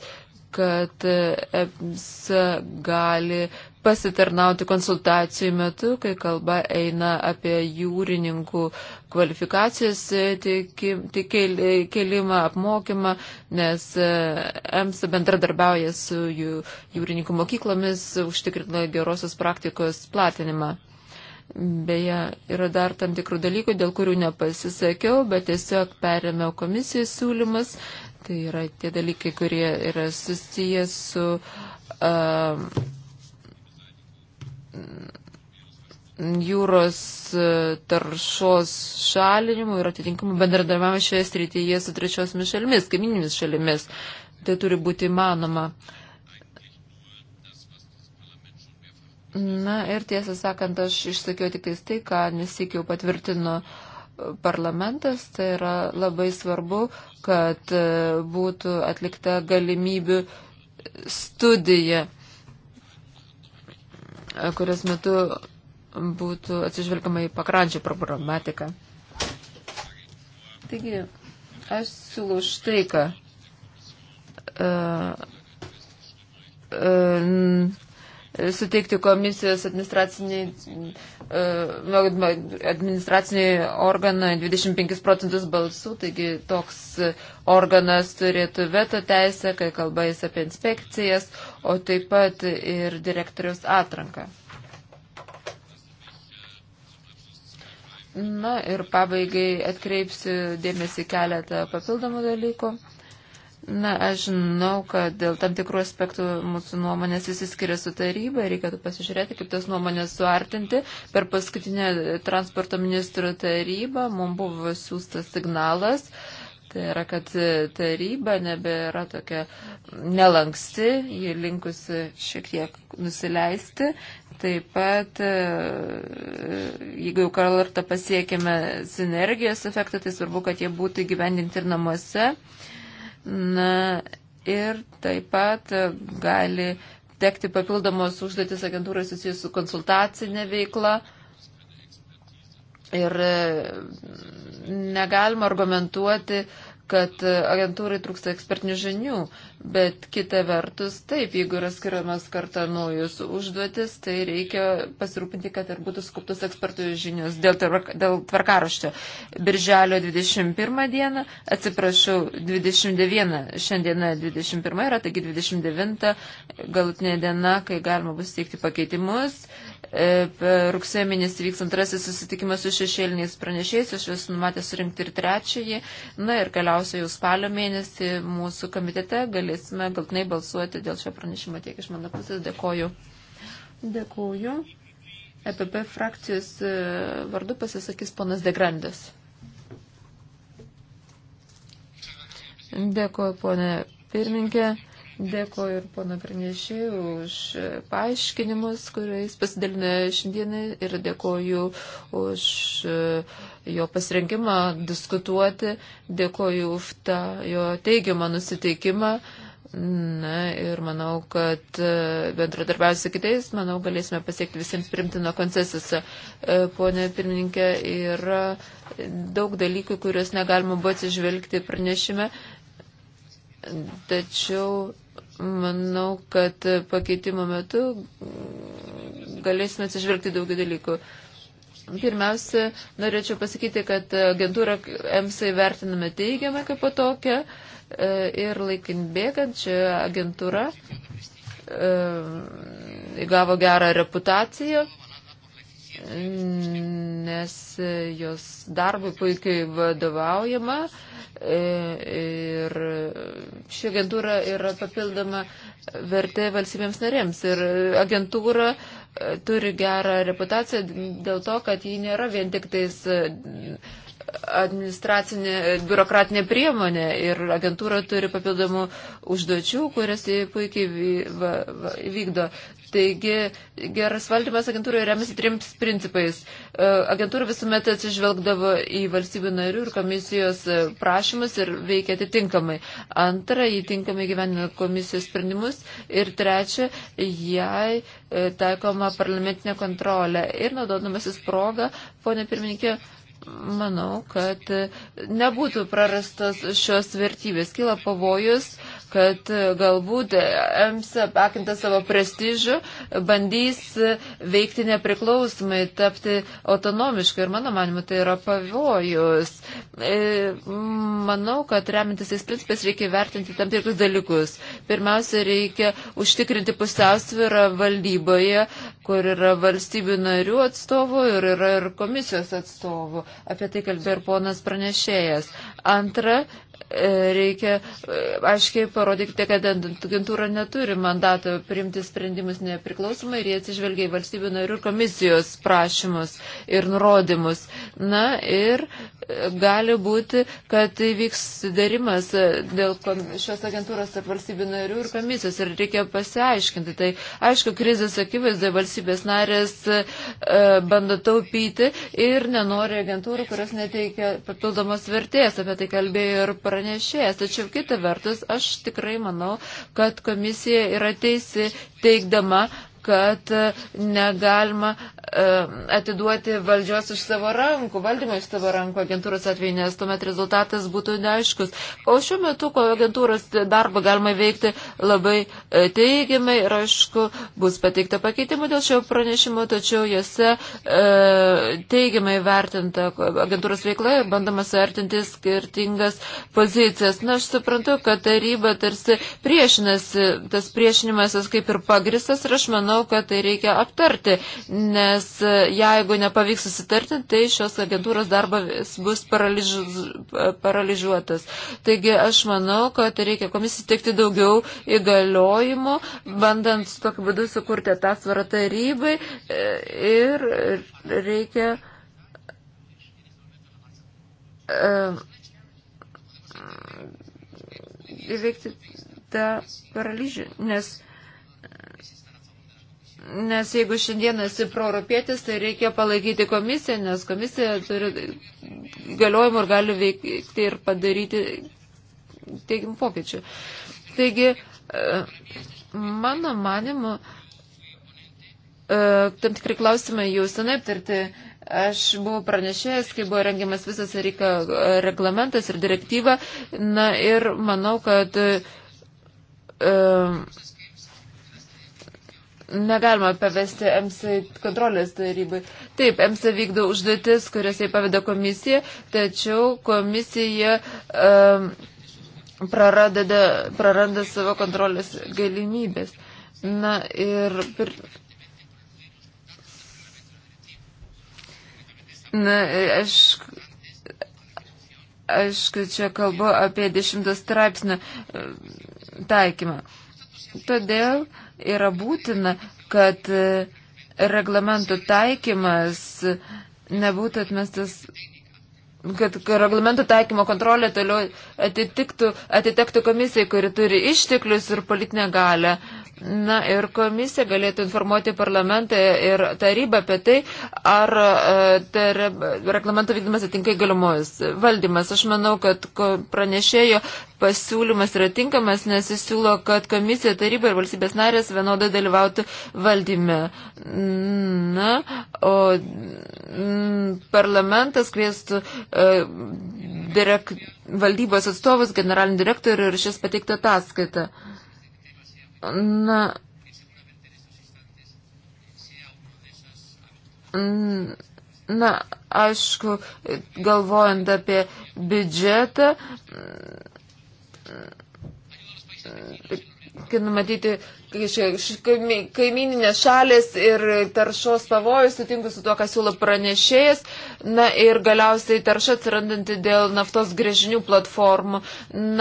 kad e, EPS gali pasitarnauti konsultacijų metu, kai kalba eina apie jūrininkų kvalifikacijos e, e, kelimą, apmokymą, nes e, EMSA bendradarbiauja su jų, jūrininkų mokyklomis, užtikrina gerosios praktikos platinimą. Beje, yra dar tam tikrų dalykų, dėl kurių nepasisakiau, bet tiesiog perėmiau komisijos siūlymas. Tai yra tie dalykai, kurie yra susijęs su uh, um, jūros e, taršos šalinimu ir atitinkamu bendradarbiavimu šioje srityje su trečiosiomis šalimis, kaiminėmis šalimis. Tai turi būti įmanoma. Na ir tiesą sakant, aš išsakiau tik tai, ką nesikiau patvirtino parlamentas, tai yra labai svarbu, kad e, būtų atlikta galimybių studija kurios metu būtų atsižvelgiama į pakrančių problematiką. Taigi, aš siūlau štai ką. Uh, uh, suteikti komisijos administraciniai, e, nu, administraciniai organai 25 procentus balsų, taigi toks organas turėtų veto teisę, kai kalba jis apie inspekcijas, o taip pat ir direktorius atranką. Na ir pabaigai atkreipsiu dėmesį keletą papildomų dalykų. Na, aš žinau, kad dėl tam tikrų aspektų mūsų nuomonės įsiskiria su taryba ir reikėtų pasižiūrėti, kaip tas nuomonės suartinti. Per paskutinę transporto ministrų tarybą mums buvo siūstas signalas. Tai yra, kad taryba nebėra tokia nelanksti, ji linkusi šiek tiek nusileisti. Taip pat, e, jeigu jau kartą pasiekime sinergijos efektą, tai svarbu, kad jie būtų gyvendinti ir namuose. Uh, Na ir taip pat gali tekti papildomos užduotis agentūrai susijęs su konsultacinė veikla. Ir mm, negalima argumentuoti kad agentūrai trūksta ekspertinių žinių, bet kita vertus, taip, jeigu yra skiriamas kartą naujus užduotis, tai reikia pasirūpinti, kad ir būtų skuptos ekspertų žinios dėl, tvark, dėl tvarkaraščio. Birželio 21 dieną, atsiprašau, 29, šiandiena 21 yra, taigi 29 galutinė diena, kai galima bus teikti pakeitimus. E, rugsėjo mėnesį vyks antrasis susitikimas su šešėliniais pranešėjais, aš vis numatę surinkti ir trečiąjį. Na ir galiausiai jau spalio mėnesį mūsų komitete galėsime galtinai balsuoti dėl šio pranešimo tiek iš mano pusės. Dėkoju. Dėkoju. EPP frakcijos e, vardu pasisakys ponas Degrandės. Dėkoju, ponė pirmininkė. Dėkoju ir pono pranešėjų už paaiškinimus, kuriais pasidalinę šiandieną ir dėkoju už e, jo pasirinkimą diskutuoti, dėkoju už tą jo teigiamą nusiteikimą. Na ir manau, kad e, bendradarbiausiai kitais, manau, galėsime pasiekti visiems primtino koncesisą. E, Pone pirmininkė, yra daug dalykų, kuriuos negalima buvo atsižvelgti pranešime. Tačiau manau, kad pakeitimo metu galėsime atsižvelgti daugiau dalykų. Pirmiausia, norėčiau pasakyti, kad agentūrą EMSA įvertiname teigiamą kaip po tokią e, ir laikin bėgant čia agentūra e, įgavo gerą reputaciją nes jos darbui puikiai vadovaujama e, ir ši agentūra yra papildoma vertė valstybėms narėms. Ir agentūra e, turi gerą reputaciją dėl to, kad ji nėra vien tik tais e, administracinė, biurokratinė priemonė ir agentūra turi papildomų užduočių, kurias jie puikiai vykdo. Taigi, geras valdymas agentūroje remiasi trims principais. E, agentūra visuomet atsižvelgdavo į valstybių narių ir komisijos e, prašymus ir veikia atitinkamai. Antra, jį tinkamai gyvenina komisijos sprendimus. Ir trečia, jai e, taikoma parlamentinė kontrolė. Ir naudodamasis progą, ponė pirmininkė, manau, kad nebūtų prarastos šios vertybės. Kila pavojus. Uh, kad e, galbūt EMSA, pakinta savo prestižu, bandys e, veikti nepriklausomai, tapti autonomiškai. Ir mano manimu, tai yra pavojus. E, manau, kad remintis tais principais reikia vertinti tam tikrus dalykus. Pirmiausia, reikia užtikrinti pusiausvyrą valdyboje, kur yra valstybių narių atstovų ir yra ir komisijos atstovų. Apie tai kalbėjo ir ponas pranešėjas. Antra, E, reikia e, aiškiai parodyti, kad agentūra neturi mandato priimti sprendimus nepriklausomai ir jie atsižvelgia į valstybių narių ir komisijos prašymus ir nurodymus. Na ir gali būti, kad vyks darimas dėl šios agentūros tarp valstybių narių ir komisijos ir reikia pasiaiškinti. Tai aišku, krizės akivaizdoje valstybės narės e, bando taupyti ir nenori agentūrų, kurios neteikia papildomos vertės, apie tai kalbėjo ir pranešėjas. Tačiau kita vertus, aš tikrai manau, kad komisija yra teisi teikdama, kad e, negalima e, atiduoti valdžios iš savo rankų, valdymo iš savo rankų agentūros atveju, nes tuomet rezultatas būtų neaiškus. O šiuo metu, ko agentūros darbą galima veikti labai e, teigiamai ir aišku, bus pateikta pakeitimų dėl šio pranešimo, tačiau juose e, teigiamai vertinta agentūros veikla ir bandama suartinti skirtingas pozicijas. Na, aš suprantu, kad taryba tarsi priešinasi, tas priešinimasis kaip ir pagristas ir aš manau, manau, kad tai reikia aptarti, nes jeigu nepavyks susitarti, tai šios agentūros darbas bus paralyžu, paralyžuotas. Taigi aš manau, kad reikia komisijai teikti daugiau įgaliojimų, bandant tokiu būdu sukurti atasvarą tarybai e, ir reikia. Uh, įveikti tą paralyžių, nes Nes jeigu šiandien esi proeuropietis, tai reikia palaikyti komisiją, nes komisija turi galiojimų ir gali veikti ir padaryti teigiamų pokyčių. Taigi, e, mano manimu, e, tam tikri klausimai jau senai aptarti. Aš buvau pranešėjęs, kai buvo rengiamas visas reika e, reglamentas ir direktyva. Na ir manau, kad. Uh, negalima pavesti MC kontrolės tarybai. Taip, MC vykdo užduotis, kurias jai paveda komisija, tačiau komisija um, prarada, praranda savo kontrolės galimybės. Na ir. Pir... Na, aš. Aišku, čia kalbu apie dešimtos straipsnio taikymą. Todėl uh, yra būtina, kad e, reglamentų taikymas nebūtų atmestas kad reglamento taikymo kontrolė toliau atitiktų, atitektų komisijai, kuri turi išteklius ir politinę galę. Na ir komisija galėtų informuoti parlamentą ir tarybą apie tai, ar tai reglamento vykdymas atinka įgaliojus valdymas. Aš manau, kad pranešėjo pasiūlymas yra tinkamas, nes jis siūlo, kad komisija, taryba ir valstybės narės vienodai dalyvautų valdyme. Na, o mm, parlamentas kviestų e, direkt, valdybos atstovus, generalinį direktorių ir šis pateiktą ataskaitą. Na. Na, aišku, galvojant apie biudžetą, kad numatyti kaimininės šalės ir taršos pavojus, sutinku su tuo, ką siūlo pranešėjas, na ir galiausiai tarša atsirandanti dėl naftos grėžinių platformų.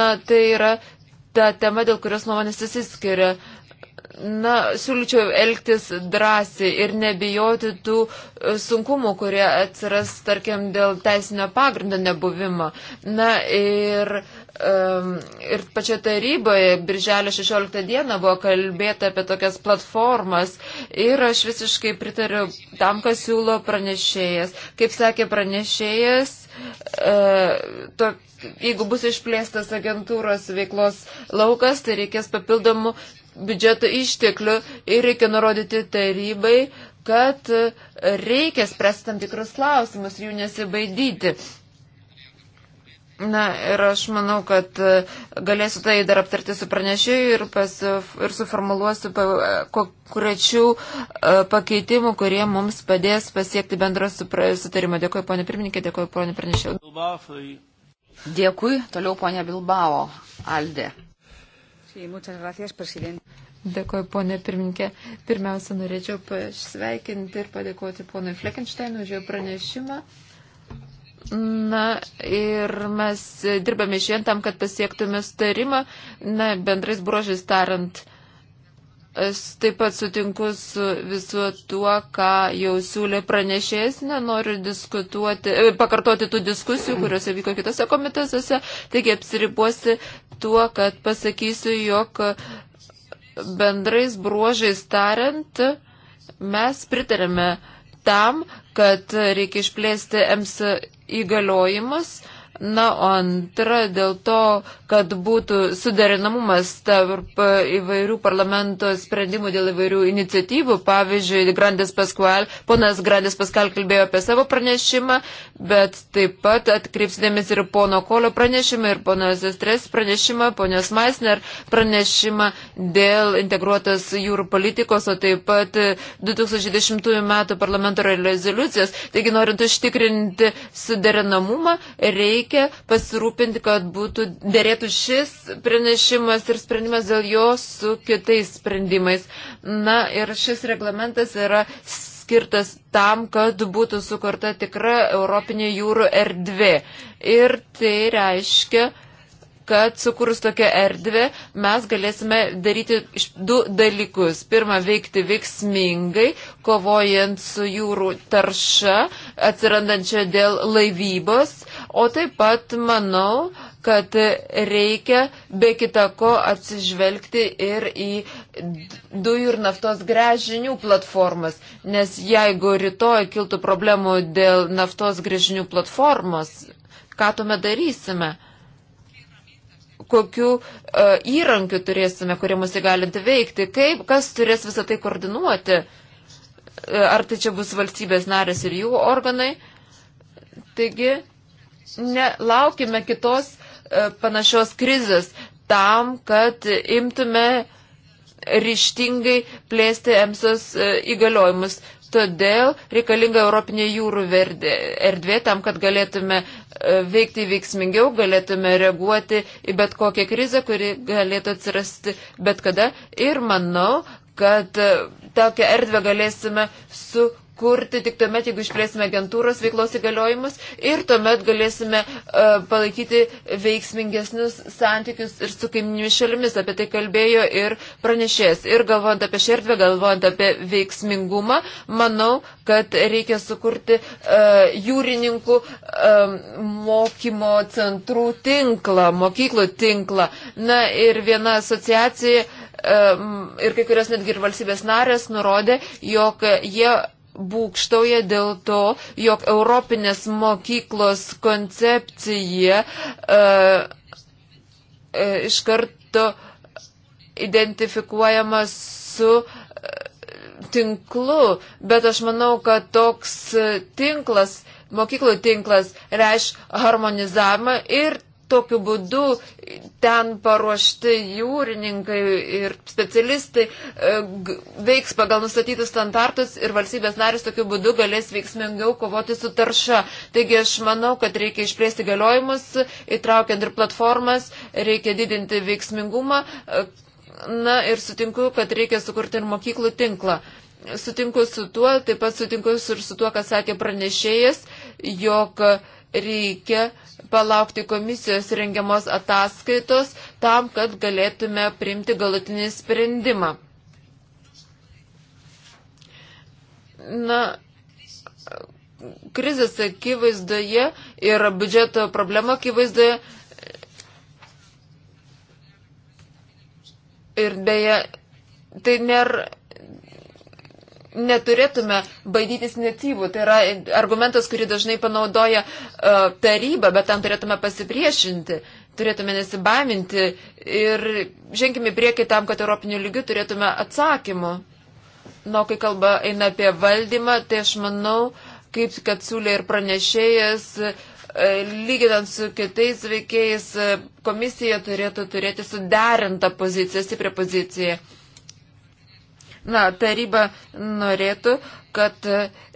Na tai yra ta tema, dėl kurios nuomonės susiskiria. Na, siūlyčiau elgtis drąsiai ir nebijoti tų e, sunkumų, kurie atsiras, tarkim, dėl teisinio pagrindo nebuvimo. Na ir ir pačioje taryboje birželio 16 dieną buvo kalbėta apie tokias platformas ir aš visiškai pritariu tam, kas siūlo pranešėjas. Kaip sakė pranešėjas, e, to, jeigu bus išplėstas agentūros veiklos laukas, tai reikės papildomų biudžeto išteklių ir reikia nurodyti tarybai, kad reikia spręsti tam tikrus klausimus ir jų nesibaidyti. Na ir aš manau, kad e, galėsiu tai dar aptarti su pranešėju ir, pas, ir suformuluosiu konkrečių e, pakeitimų, kurie mums padės pasiekti bendrą sutarimą. Dėkuoju, ponė pirmininkė, dėkuoju, ponė pranešėjau. Dėkui, toliau ponė Bilbao, Aldė. Dėkuoju, ponė pirmininkė. Pirmiausia, norėčiau pasveikinti ir padėkoti ponui Fleckensteinui už jo pranešimą. Na ir mes dirbame šiandien tam, kad pasiektume starimą, na, bendrais bruožais tariant. Aš taip pat sutinku su visuo tuo, ką jau siūlė pranešėjas, nenoriu diskutuoti, e, pakartoti tų diskusijų, kuriuose vyko kitose komitetuose, taigi apsiribuosi tuo, kad pasakysiu, jog bendrais bruožais tariant, mes pritarėme tam, kad reikia išplėsti EMS įgaliojimas Na, o antra, dėl to, kad būtų suderinamumas tarp įvairių parlamento sprendimų dėl įvairių iniciatyvų. Pavyzdžiui, Grandis Pasqual, ponas Grandis Pasqual kalbėjo apie savo pranešimą, bet taip pat atkreipsidėmės ir pono Kolio pranešimą, ir ponas Estres pranešimą, ponios Maisner pranešimą dėl integruotos jūrų politikos, o taip pat 2010 m. parlamento rezoliucijos. Taigi, norint užtikrinti suderinamumą, reikia reikia pasirūpinti, kad būtų dėrėtų šis pranešimas ir sprendimas dėl jo su kitais sprendimais. Na ir šis reglamentas yra skirtas tam, kad būtų sukurta tikra Europinė jūrų erdvė. Ir tai reiškia, kad sukūrus tokią erdvę mes galėsime daryti du dalykus. Pirma, veikti veiksmingai, kovojant su jūrų tarša, atsirandančia dėl laivybos, o taip pat manau, kad reikia be kitako atsižvelgti ir į dujų ir naftos grežinių platformas, nes jeigu rytoj kiltų problemų dėl naftos grežinių platformos, ką tuomet darysime? kokiu uh, įrankiu turėsime, kurie mus įgalinti veikti, kaip, kas turės visą tai koordinuoti, e, ar tai čia bus valstybės narės ir jų organai. Taigi, nelaukime kitos uh, panašios krizės tam, kad imtume ryštingai plėsti EMSOS uh, įgaliojimus. Todėl reikalinga Europinė jūrų erdvė tam, kad galėtume uh, veikti veiksmingiau, galėtume reaguoti į bet kokią krizę, kuri galėtų atsirasti bet kada. Ir manau, kad tokią erdvę galėsime su kurti tik tuomet, jeigu išplėsime agentūros veiklos įgaliojimus ir tuomet galėsime uh, palaikyti veiksmingesnius santykius ir su kaiminimis šalimis. Apie tai kalbėjo ir pranešės. Ir galvojant apie šerdvę, galvojant apie veiksmingumą, manau, kad reikia sukurti uh, jūrininkų um, mokymo centrų tinklą, mokyklų tinklą. Na ir viena asociacija. Um, ir kai kurios netgi ir valstybės narės nurodė, jog jie būkštauja dėl to, jog Europinės mokyklos koncepcija e, e, iš karto identifikuojama su e, tinklu, bet aš manau, kad toks tinklas, mokyklų tinklas reiš harmonizavimą ir tokiu būdu ten paruošti jūrininkai ir specialistai e, veiks pagal nustatytus standartus ir valstybės narės tokiu būdu galės veiksmingiau kovoti su tarša. Taigi aš manau, kad reikia išplėsti galiojimus, įtraukiant ir platformas, reikia didinti veiksmingumą. E, na ir sutinku, kad reikia sukurti ir mokyklų tinklą. Sutinku su tuo, taip pat sutinku ir su tuo, ką sakė pranešėjas, jog reikia palaukti komisijos rengiamos ataskaitos tam, kad galėtume priimti galutinį sprendimą. Na, krizės akivaizdoje ir biudžeto problema akivaizdoje ir beje, tai nėra neturėtume baidytis iniciatyvų. Tai yra argumentas, kurį dažnai panaudoja uh, taryba, bet tam turėtume pasipriešinti, turėtume nesibaiminti ir ženkime prieki tam, kad europinių lygių turėtume atsakymų. Na, kai kalba eina apie valdymą, tai aš manau, kaip kad siūlė ir pranešėjas, e, lyginant su kitais veikėjais, e, komisija turėtų turėti suderintą poziciją, stiprią poziciją. Na, taryba norėtų, kad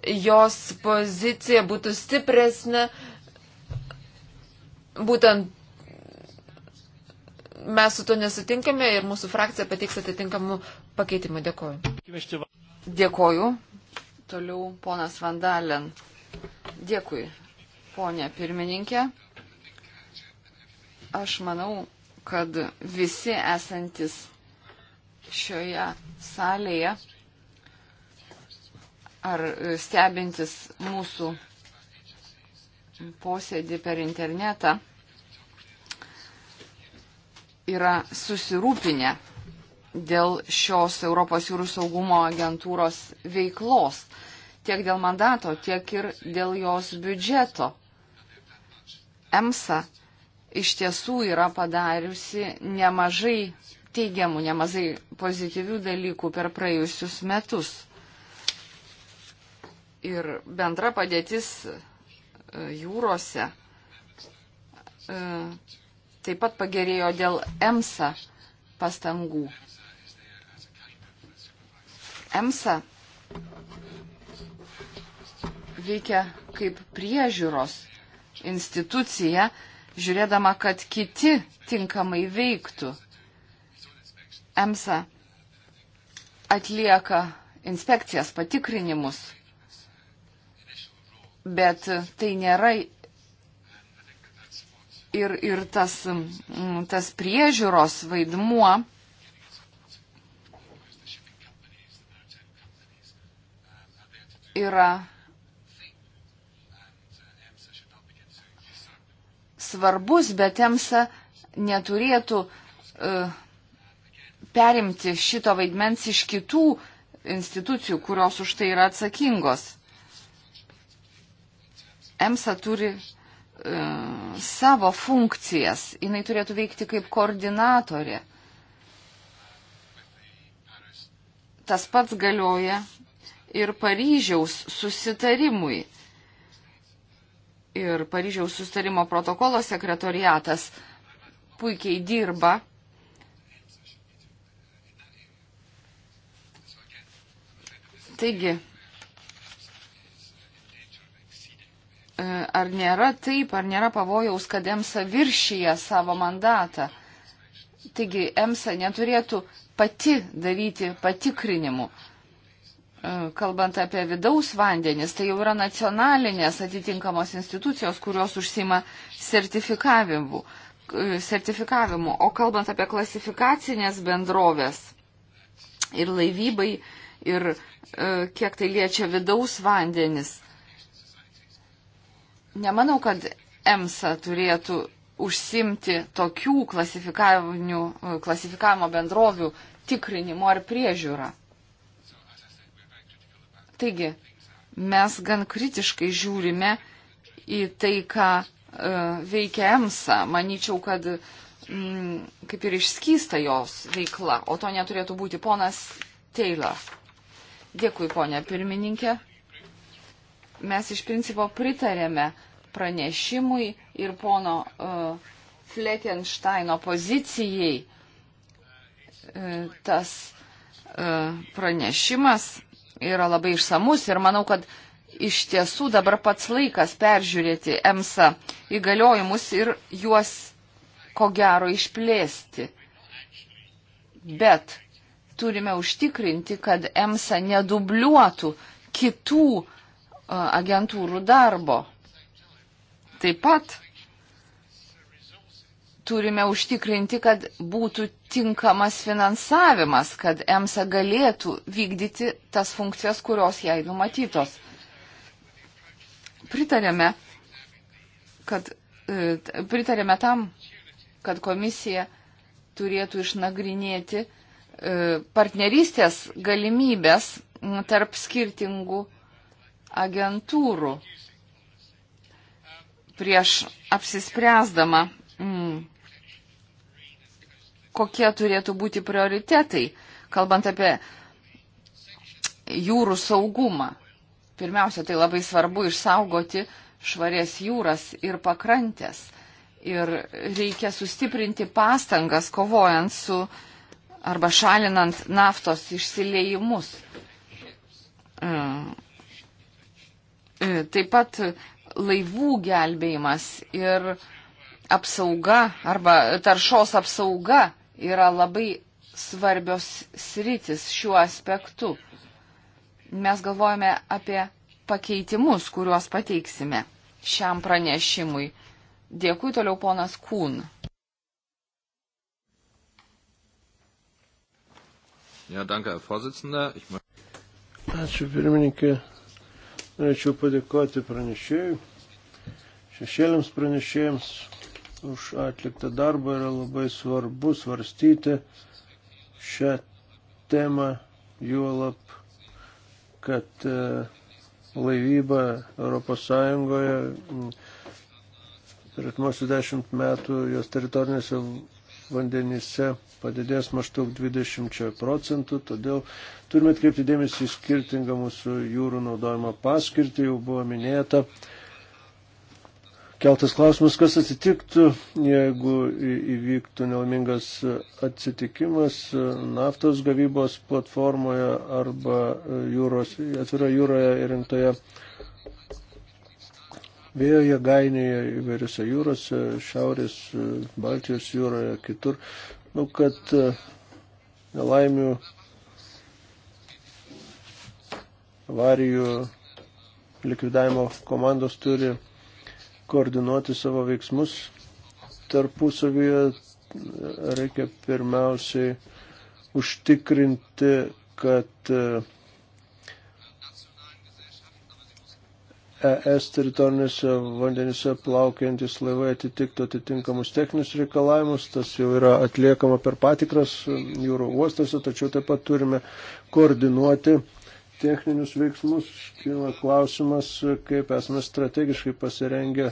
jos pozicija būtų stipresnė. Būtent mes su to nesutinkame ir mūsų frakcija pateiks atitinkamų pakeitimų. Dėkoju. Dėkoju. Toliau ponas Vandalen. Dėkui, ponė pirmininkė. Aš manau, kad visi esantis šioje salėje ar stebintis mūsų posėdį per internetą yra susirūpinę dėl šios Europos jūrų saugumo agentūros veiklos, tiek dėl mandato, tiek ir dėl jos biudžeto. EMSA iš tiesų yra padariusi nemažai teigiamų, nemažai pozityvių dalykų per praėjusius metus. Ir bendra padėtis e, jūrose e, taip pat pagerėjo dėl EMSA pastangų. EMSA veikia kaip priežiūros institucija, žiūrėdama, kad kiti tinkamai veiktų. EMSA atlieka inspekcijas, patikrinimus, bet tai nėra ir, ir tas, mm, tas priežiūros vaidmuo. Yra svarbus, bet EMSA neturėtų uh, perimti šito vaidmens iš kitų institucijų, kurios už tai yra atsakingos. EMSA turi e, savo funkcijas, jinai turėtų veikti kaip koordinatorė. Tas pats galioja ir Paryžiaus susitarimui. Ir Paryžiaus susitarimo protokolo sekretoriatas puikiai dirba Taigi, e, ar nėra taip, ar nėra pavojaus, kad EMSA viršyje savo mandatą? Taigi, EMSA neturėtų pati daryti patikrinimų. E, kalbant apie vidaus vandenis, tai jau yra nacionalinės atitinkamos institucijos, kurios užsima sertifikavimu. E, sertifikavimu. O kalbant apie klasifikacinės bendrovės ir laivybai, ir e, kiek tai liečia vidaus vandenis. Nemanau, kad EMSA turėtų užsimti tokių e, klasifikavimo bendrovių tikrinimo ar priežiūrą. Taigi, mes gan kritiškai žiūrime į tai, ką e, veikia EMSA. Manyčiau, kad mm, kaip ir išskysta jos veikla, o to neturėtų būti ponas Taylor. Dėkui, ponė pirmininkė. Mes iš principo pritarėme pranešimui ir pono uh, Fleckensteino pozicijai. Uh, tas uh, pranešimas yra labai išsamus ir manau, kad iš tiesų dabar pats laikas peržiūrėti EMSA įgaliojimus ir juos ko gero išplėsti. Bet turime užtikrinti, kad EMSA nedubliuotų kitų agentūrų darbo. Taip pat turime užtikrinti, kad būtų tinkamas finansavimas, kad EMSA galėtų vykdyti tas funkcijas, kurios jai numatytos. Pritarėme, kad, e, pritarėme tam, kad komisija turėtų išnagrinėti E, partnerystės galimybės tarp skirtingų agentūrų prieš apsispręsdama, mm, kokie turėtų būti prioritetai, kalbant apie jūrų saugumą. Pirmiausia, tai labai svarbu išsaugoti švarės jūras ir pakrantės. Ir reikia sustiprinti pastangas kovojant su uh, arba šalinant naftos išsileimus. E, e, taip pat laivų gelbėjimas ir apsauga arba taršos apsauga yra labai svarbios sritis šiuo aspektu. Mes galvojame apie pakeitimus, kuriuos pateiksime šiam pranešimui. Dėkui toliau ponas Kūn. Ja, danke, Herr Vorsitzender. Ich Ačiū pirmininkė. Norėčiau padėkoti pranešėjui, šešėliams pranešėjams už atliktą darbą. Yra labai svarbu svarstyti šią temą, juolap, kad e, laivyba ES per atmosius dešimt metų jos teritorinėse vandenyse padidės maždaug 20 procentų, todėl turime atkreipti dėmesį į skirtingą mūsų jūrų naudojimo paskirtį, jau buvo minėta. Keltas klausimas, kas atsitiktų, jeigu įvyktų nelmingas atsitikimas naftos gavybos platformoje arba jūros, atvira jūroje įrengtoje vėjo jėgainėje, įvairiose jūrose, Šiaurės, e, Baltijos jūroje, kitur. Nu, kad e, nelaimių, avarijų likvidavimo komandos turi koordinuoti savo veiksmus tarpusavyje. Reikia pirmiausiai užtikrinti, kad uh, ES teritorinėse vandenise plaukiantis laivai atitiktų atitinkamus techninius reikalavimus, tas jau yra atliekama per patikras jūro uostose, tačiau taip pat turime koordinuoti techninius veiksmus. Kyla klausimas, kaip esame strategiškai pasirengę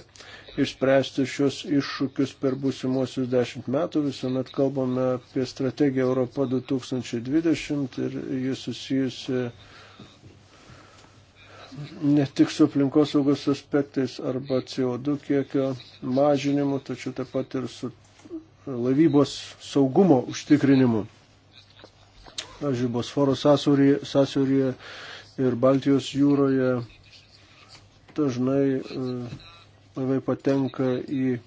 išspręsti šios iššūkius per būsimuosius dešimt metų. Visuomet kalbame apie strategiją Europa 2020 ir jis susijusi ne tik su aplinkosaugos aspektais arba CO2 kiekio mažinimu, tačiau taip pat ir su e, laivybos saugumo užtikrinimu. Pavyzdžiui, Bosforo sąsiauryje ir Baltijos jūroje dažnai e, laivai patenka į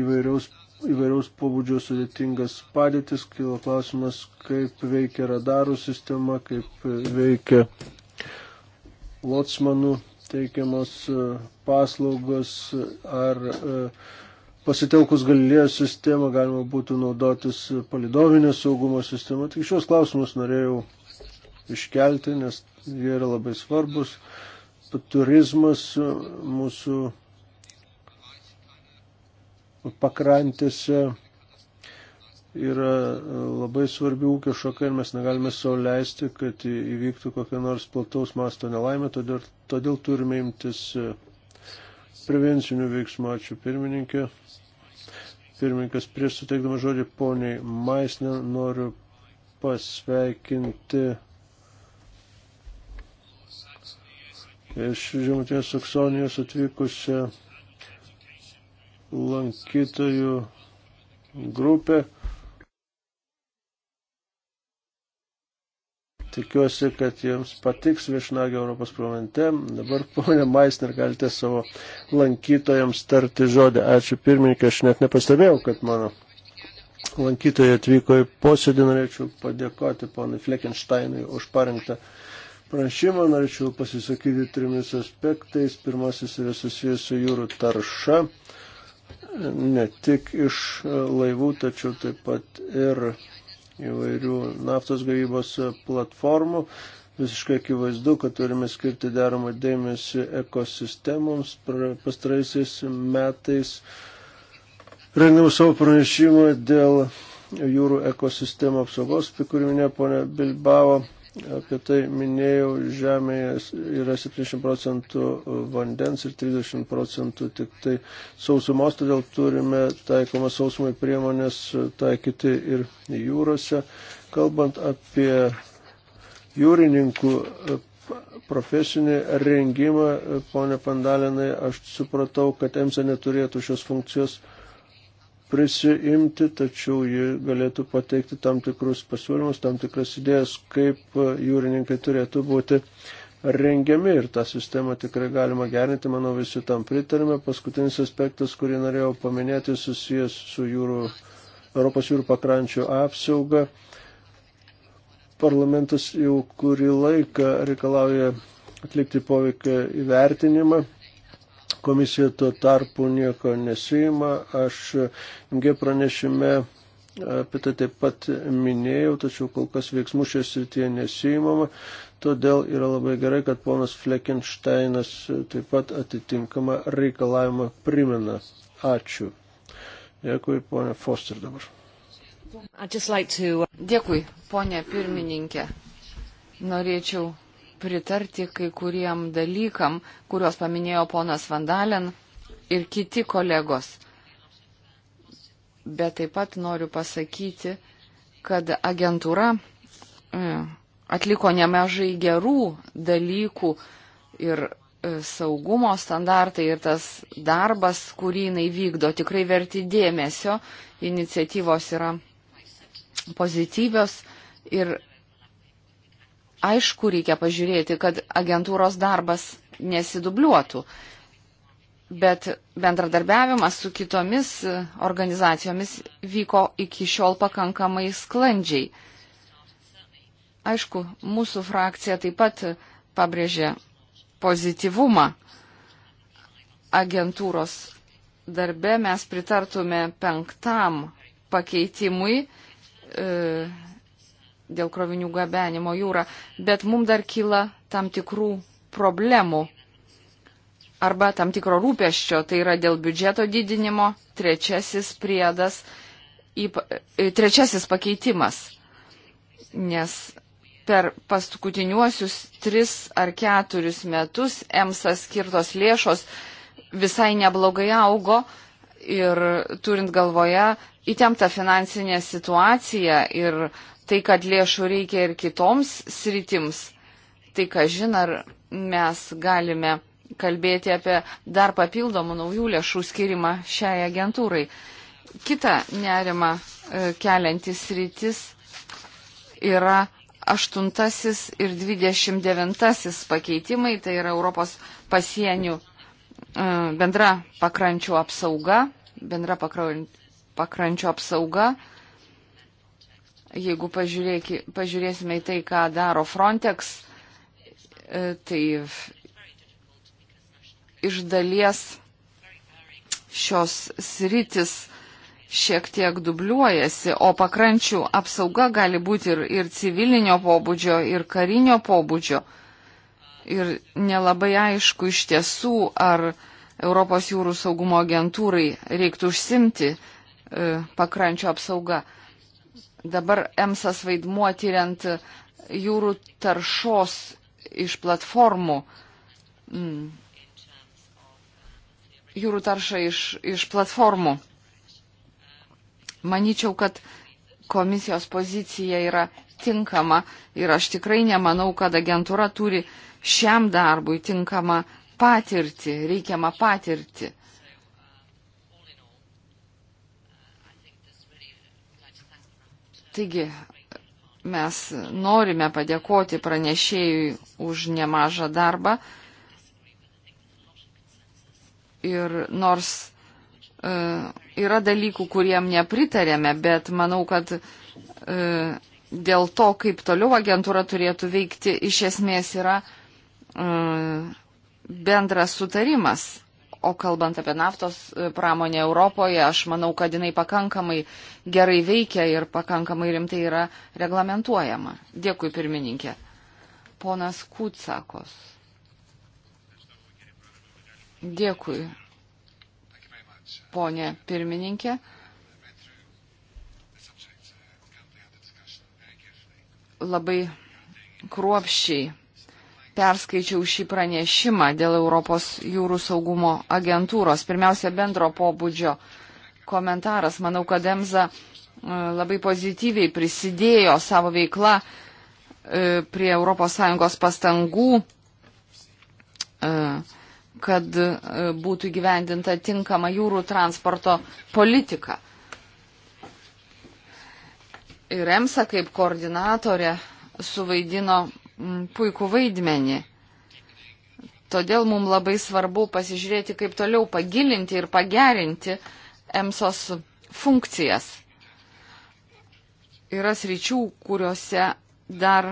įvairiaus, įvairiaus pobūdžio sudėtingas padėtis, kilo klausimas, kaip veikia radarų sistema, kaip veikia lotsmanų teikiamos e, paslaugos ar e, pasitelkus galilėjo sistemą galima būtų naudotis palidovinio saugumo sistema. Tik šios klausimus norėjau iškelti, nes jie yra labai svarbus. Turizmas e, mūsų pakrantėse yra e, labai svarbi ūkio šaka ir mes negalime savo leisti, kad įvyktų kokia nors plataus masto nelaimė, todėl, todėl turime imtis e, prevencinių veiksmų. Ačiū pirmininkė. Pirmininkas, prieš suteikdama žodį poniai Maisne, noriu pasveikinti iš Žemutinės Saksonijos atvykusią lankytojų grupę. Tikiuosi, kad jums patiks viešnagė Europos parlamente. Dabar, ponė Maisner, galite savo lankytojams tarti žodį. Ačiū pirmininkė, aš net nepastebėjau, kad mano lankytojai atvyko į posėdį. Norėčiau padėkoti ponui Fleckensteinui už parengtą pranešimą. Norėčiau pasisakyti trimis aspektais. Pirmasis yra susijęs su jūrų tarša. Ne tik iš laivų, tačiau taip pat ir įvairių naftos gavybos platformų. Visiškai akivaizdu, kad turime skirti deramą dėmesį ekosistemoms. Pastaraisiais metais rengiau savo pranešimą dėl jūrų ekosistemų apsaugos, apie kurį minėjo ponė Bilbao. Apie tai minėjau, žemėje yra 70 procentų vandens ir 30 procentų tik tai sausumos, todėl turime taikomą sausumai priemonės taikyti ir jūrose. Kalbant apie jūrininkų profesinį rengimą, ponė Pandalinai, aš supratau, kad EMSA neturėtų šios funkcijos prisiimti, tačiau ji galėtų pateikti tam tikrus pasiūlymus, tam tikras idėjas, kaip jūrininkai turėtų būti rengiami ir tą sistemą tikrai galima gerinti, manau visi tam pritarime. Paskutinis aspektas, kurį norėjau paminėti, susijęs su jūrų, Europos jūrų pakrančių apsauga. Parlamentas jau kurį laiką reikalauja atlikti poveikio įvertinimą komisija tuo tarpu nieko nesijima. Aš MG pranešime apie tai taip pat minėjau, tačiau kol kas veiksmų šioje srityje nesijimama. Todėl yra labai gerai, kad ponas Fleckensteinas taip pat atitinkamą reikalavimą primena. Ačiū. Dėkui, ponė Foster dabar. Like to... Dėkui, ponė pirmininkė. Norėčiau pritarti kai kuriem dalykam, kuriuos paminėjo ponas Vandalen ir kiti kolegos. Bet taip pat noriu pasakyti, kad agentūra e, atliko nemažai gerų dalykų ir e, saugumo standartai ir tas darbas, kurį jinai vykdo, tikrai verti dėmesio, iniciatyvos yra pozityvios ir aišku, reikia pažiūrėti, kad agentūros darbas nesidubliuotų. Bet bendradarbiavimas su kitomis organizacijomis vyko iki šiol pakankamai sklandžiai. Aišku, mūsų frakcija taip pat pabrėžė pozityvumą agentūros darbe. Mes pritartume penktam pakeitimui. E, dėl krovinių gabenimo jūrą, bet mums dar kyla tam tikrų problemų arba tam tikro rūpeščio, tai yra dėl biudžeto didinimo, trečiasis priedas, e, trečiasis pakeitimas. Nes per paskutiniuosius tris ar keturis metus EMSA skirtos lėšos visai neblogai augo ir turint galvoje įtemptą finansinę situaciją ir Tai, kad lėšų reikia ir kitoms sritims, tai ką žin, ar mes galime kalbėti apie dar papildomų naujų lėšų skirimą šiai agentūrai. Kita nerima e, keliantis rytis yra 8 ir 29 pakeitimai, tai yra Europos pasienių e, bendra pakrančių apsauga, bendra pakrančių apsauga, Jeigu pažiūrėsime į tai, ką daro Frontex, e, tai iš dalies šios sritis šiek tiek dubliuojasi, o pakrančių apsauga gali būti ir, ir civilinio pobūdžio, ir karinio pobūdžio. Ir nelabai aišku iš tiesų, ar Europos jūrų saugumo agentūrai reiktų užsimti e, pakrančių apsaugą dabar EMSAS vaidmuo tyriant jūrų taršos iš platformų, mm, jūrų taršą iš, iš platformų. Manyčiau, kad komisijos pozicija yra tinkama ir aš tikrai nemanau, kad agentūra turi šiam darbui tinkamą patirtį, reikiamą patirtį. Taigi, mes norime padėkoti pranešėjui už nemažą darbą. Ir nors e, yra dalykų, kuriem nepritarėme, bet manau, kad e, dėl to, kaip toliau agentūra turėtų veikti, iš esmės yra e, bendras sutarimas. O kalbant apie naftos e, pramonę Europoje, aš manau, kad jinai pakankamai gerai veikia ir pakankamai rimtai yra reglamentuojama. Dėkui, pirmininkė. Ponas Kūtsakos. Dėkui, ponė pirmininkė. Labai kruopščiai perskaičiau šį pranešimą dėl Europos jūrų saugumo agentūros. Pirmiausia, bendro pobūdžio komentaras. Manau, kad EMSA e, labai pozityviai prisidėjo savo veiklą e, prie ES pastangų, e, kad būtų gyvendinta tinkama jūrų transporto politika. Ir EMSA kaip koordinatorė suvaidino Mm, puikų vaidmenį. Todėl mums labai svarbu pasižiūrėti, kaip toliau pagilinti ir pagerinti EMSOS funkcijas. Yra sričių, kuriuose dar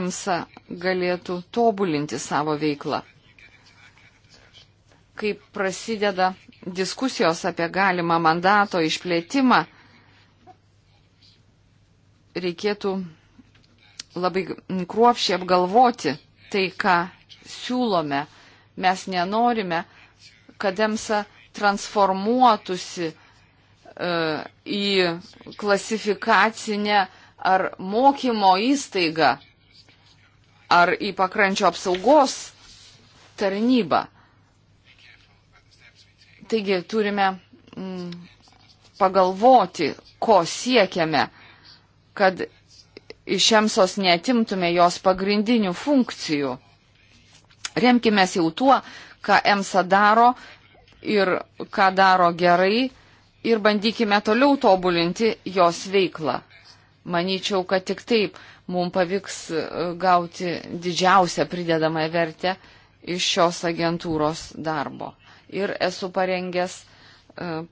EMSA galėtų tobulinti savo veiklą. Kai prasideda diskusijos apie galimą mandato išplėtimą, reikėtų labai kruopšiai apgalvoti tai, ką siūlome. Mes nenorime, kad EMSA transformuotųsi e, į klasifikacinę ar mokymo įstaigą, ar į pakrančio apsaugos tarnybą. Taigi turime mm, pagalvoti, ko siekiame, kad iš Emsos neatimtume jos pagrindinių funkcijų. Remkime jau tuo, ką Emsa daro ir ką daro gerai ir bandykime toliau tobulinti jos veiklą. Manyčiau, kad tik taip mums pavyks e, gauti didžiausią pridedamą vertę iš šios agentūros darbo. Ir esu parengęs e,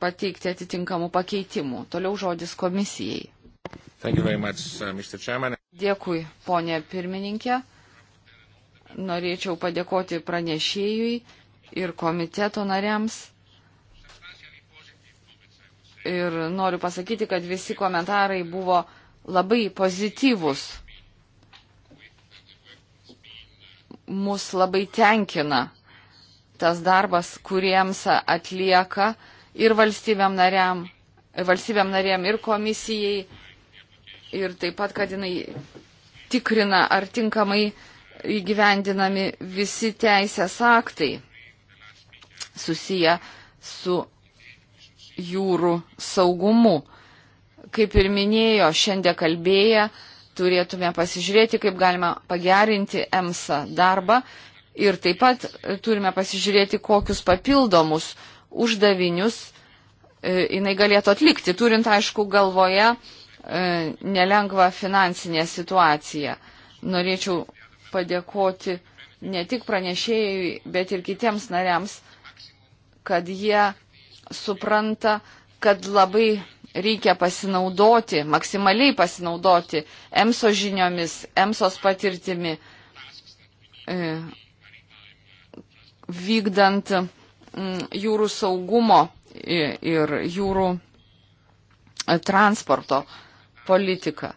pateikti atitinkamų pakeitimų. Toliau žodis komisijai. Much, uh, Dėkui, ponė pirmininkė. Norėčiau padėkoti pranešėjui ir komiteto nariams. Ir noriu pasakyti, kad visi komentarai buvo labai pozityvus. Mus labai tenkina tas darbas, kuriems atlieka ir valstybėm nariam, valstybėm nariam ir komisijai ir taip pat, kad jinai tikrina, ar tinkamai įgyvendinami visi teisės aktai susiję su jūrų saugumu. Kaip ir minėjo, šiandien kalbėję turėtume pasižiūrėti, kaip galima pagerinti EMSA darbą ir taip pat turime pasižiūrėti, kokius papildomus uždavinius e, jinai galėtų atlikti, turint aišku galvoje, E, nelengvą finansinę situaciją. Norėčiau padėkoti ne tik pranešėjui, bet ir kitiems nariams, kad jie supranta, kad labai reikia pasinaudoti, maksimaliai pasinaudoti EMSO žiniomis, EMSOS patirtimi, e, vykdant jūrų saugumo ir jūrų transporto politiką.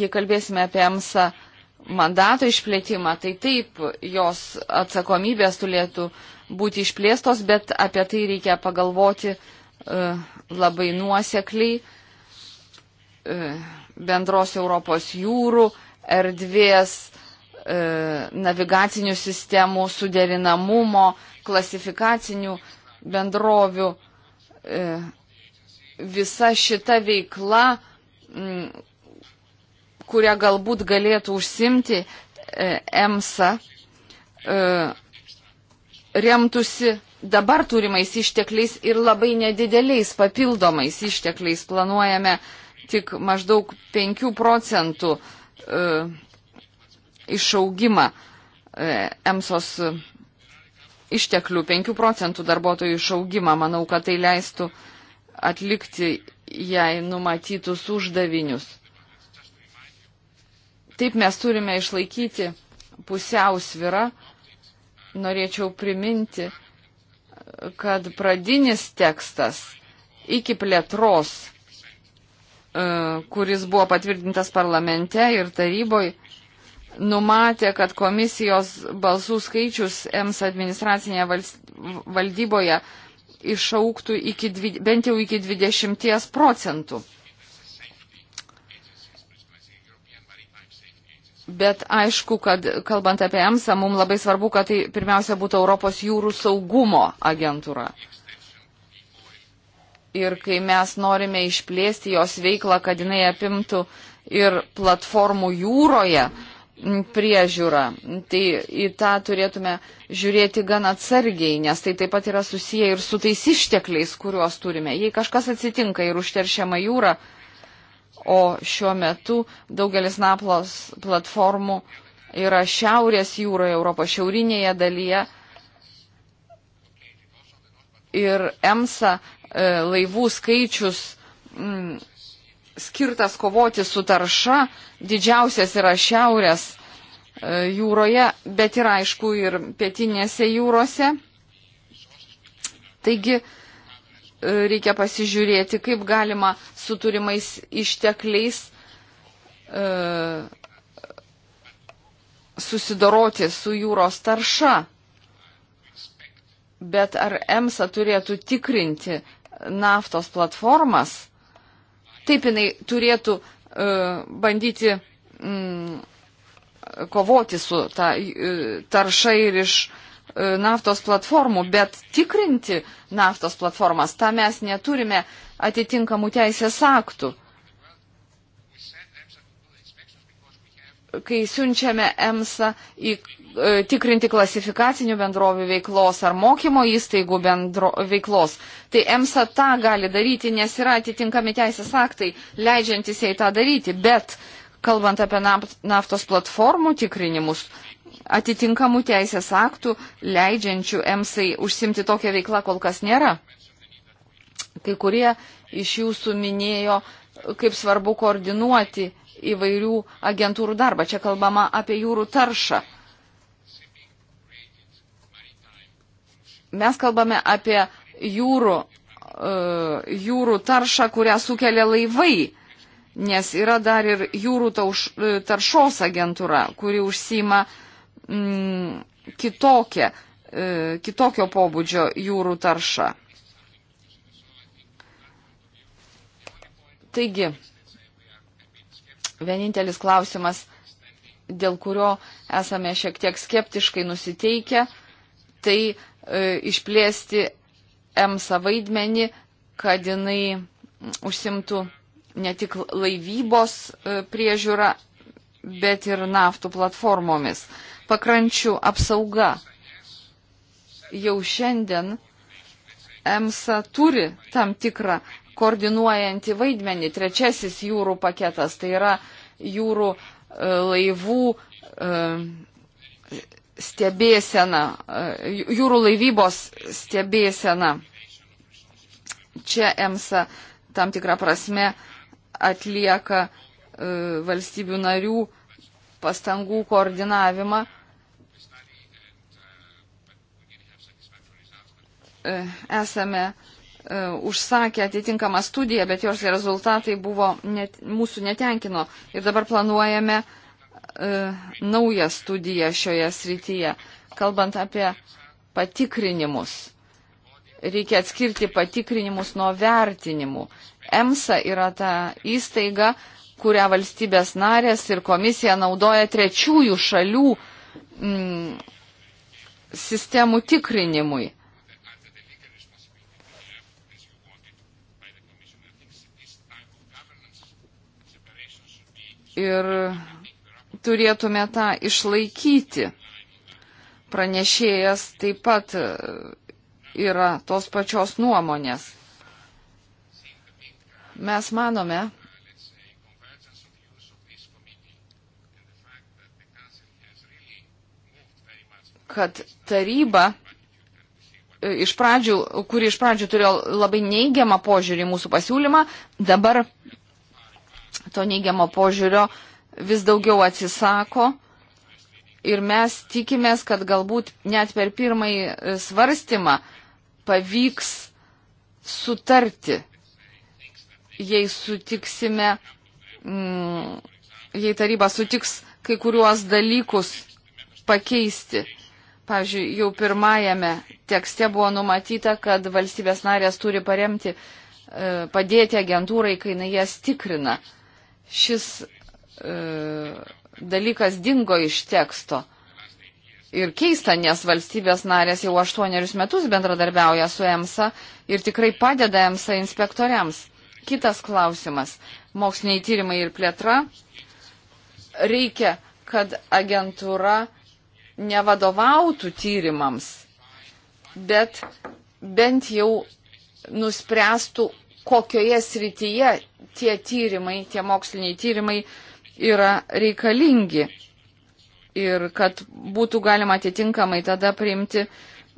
Jei kalbėsime apie EMSA mandato išplėtimą, tai taip, jos atsakomybės turėtų būti išplėstos, bet apie tai reikia pagalvoti uh, labai nuosekliai uh, bendros Europos jūrų, erdvės, uh, navigacinių sistemų, suderinamumo, klasifikacinių bendrovių. Uh, visa šita veikla, mm, kurią galbūt galėtų užsimti e, EMSA, e, remtusi dabar turimais ištekliais ir labai nedideliais papildomais ištekliais. Planuojame tik maždaug 5 procentų e, išaugimą EMSOS išteklių, 5 procentų darbuotojų išaugimą. Manau, kad tai leistų uh, atlikti jai numatytus uždavinius. Taip mes turime išlaikyti pusiausvirą. Norėčiau priminti, kad pradinis tekstas iki plėtros, e, kuris buvo patvirtintas parlamente ir taryboje, numatė, kad komisijos balsų skaičius EMS administracinėje valdyboje išauktų iki, bent jau iki 20 procentų. Bet aišku, kad kalbant apie EMSA, mums labai svarbu, kad tai pirmiausia būtų Europos jūrų saugumo agentūra. Ir kai mes norime išplėsti jos veiklą, kad jinai apimtų ir platformų jūroje, uh, priežiūra. Tai į tą turėtume žiūrėti gan atsargiai, nes tai taip pat yra susiję ir su tais ištekliais, kuriuos turime. Jei kažkas atsitinka ir užteršiama jūra, o šiuo metu daugelis naplos platformų yra šiaurės jūroje, Europos šiaurinėje dalyje. Ir EMSA e, laivų skaičius mm, skirtas kovoti su tarša, didžiausias yra šiaurės e, jūroje, bet ir aišku ir pietinėse jūrose. Taigi e, reikia pasižiūrėti, kaip galima su turimais ištekliais e, susidoroti su jūros tarša. Bet ar EMSA turėtų tikrinti naftos platformas? Taip jinai turėtų e, bandyti mm, kovoti su ta e, tarša ir iš e, naftos platformų, bet tikrinti naftos platformas, tą mes neturime atitinkamų teisės aktų. kai siunčiame EMSA į, e, tikrinti klasifikacinių bendrovių veiklos ar mokymo įstaigų bendro, veiklos, tai EMSA tą gali daryti, nes yra atitinkami teisės aktai leidžiantis jai tą daryti, bet kalbant apie naftos platformų tikrinimus, atitinkamų teisės aktų leidžiančių EMSA užsimti tokią veiklą kol kas nėra. Kai kurie iš jūsų minėjo, kaip svarbu koordinuoti įvairių agentūrų darbą. Čia kalbama apie jūrų taršą. Mes kalbame apie jūrų, e, jūrų taršą, kurią sukelia laivai, nes yra dar ir jūrų tauš, e, taršos agentūra, kuri užsima mm, kitokią, e, kitokio pobūdžio jūrų taršą. Taigi, Vienintelis klausimas, dėl kurio esame šiek tiek skeptiškai nusiteikę, tai e, išplėsti EMSA vaidmenį, kad jinai užsimtų ne tik laivybos e, priežiūrą, bet ir naftų platformomis. Pakrančių apsauga. Jau šiandien EMSA turi tam tikrą koordinuojantį vaidmenį. Trečiasis jūrų paketas tai yra jūrų e, laivų e, stebėsena, e, jūrų laivybos stebėsena. Čia EMSA tam tikrą prasme atlieka valstybių narių pastangų koordinavimą. Esame uh, E, užsakė atitinkamą studiją, bet jos rezultatai buvo net, mūsų netenkino. Ir dabar planuojame e, naują studiją šioje srityje. Kalbant apie patikrinimus, reikia atskirti patikrinimus nuo vertinimų. EMSA yra ta įstaiga, kurią valstybės narės ir komisija naudoja trečiųjų šalių mm, sistemų tikrinimui. ir turėtume tą išlaikyti. Pranešėjas taip pat e, yra tos pačios nuomonės. Mes manome, kad taryba e, iš pradžių, kuri iš pradžių turėjo labai neigiamą požiūrį į mūsų pasiūlymą, dabar to neigiamo požiūrio vis daugiau atsisako. Ir mes tikimės, kad galbūt net per pirmąjį e, svarstymą pavyks sutarti, jei sutiksime, mm, jei taryba sutiks kai kuriuos dalykus pakeisti. Pavyzdžiui, jau pirmajame tekste buvo numatyta, kad valstybės narės turi paremti, e, padėti agentūrai, kai jinai jas tikrina šis e, dalykas dingo iš teksto. Ir keista, nes valstybės narės jau aštuonerius metus bendradarbiauja su EMSA ir tikrai padeda EMSA inspektoriams. Kitas klausimas. Moksliniai tyrimai ir plėtra. Reikia, kad agentūra nevadovautų tyrimams, bet bent jau nuspręstų, kokioje srityje tie tyrimai, tie moksliniai tyrimai yra reikalingi. Ir kad būtų galima atitinkamai tada priimti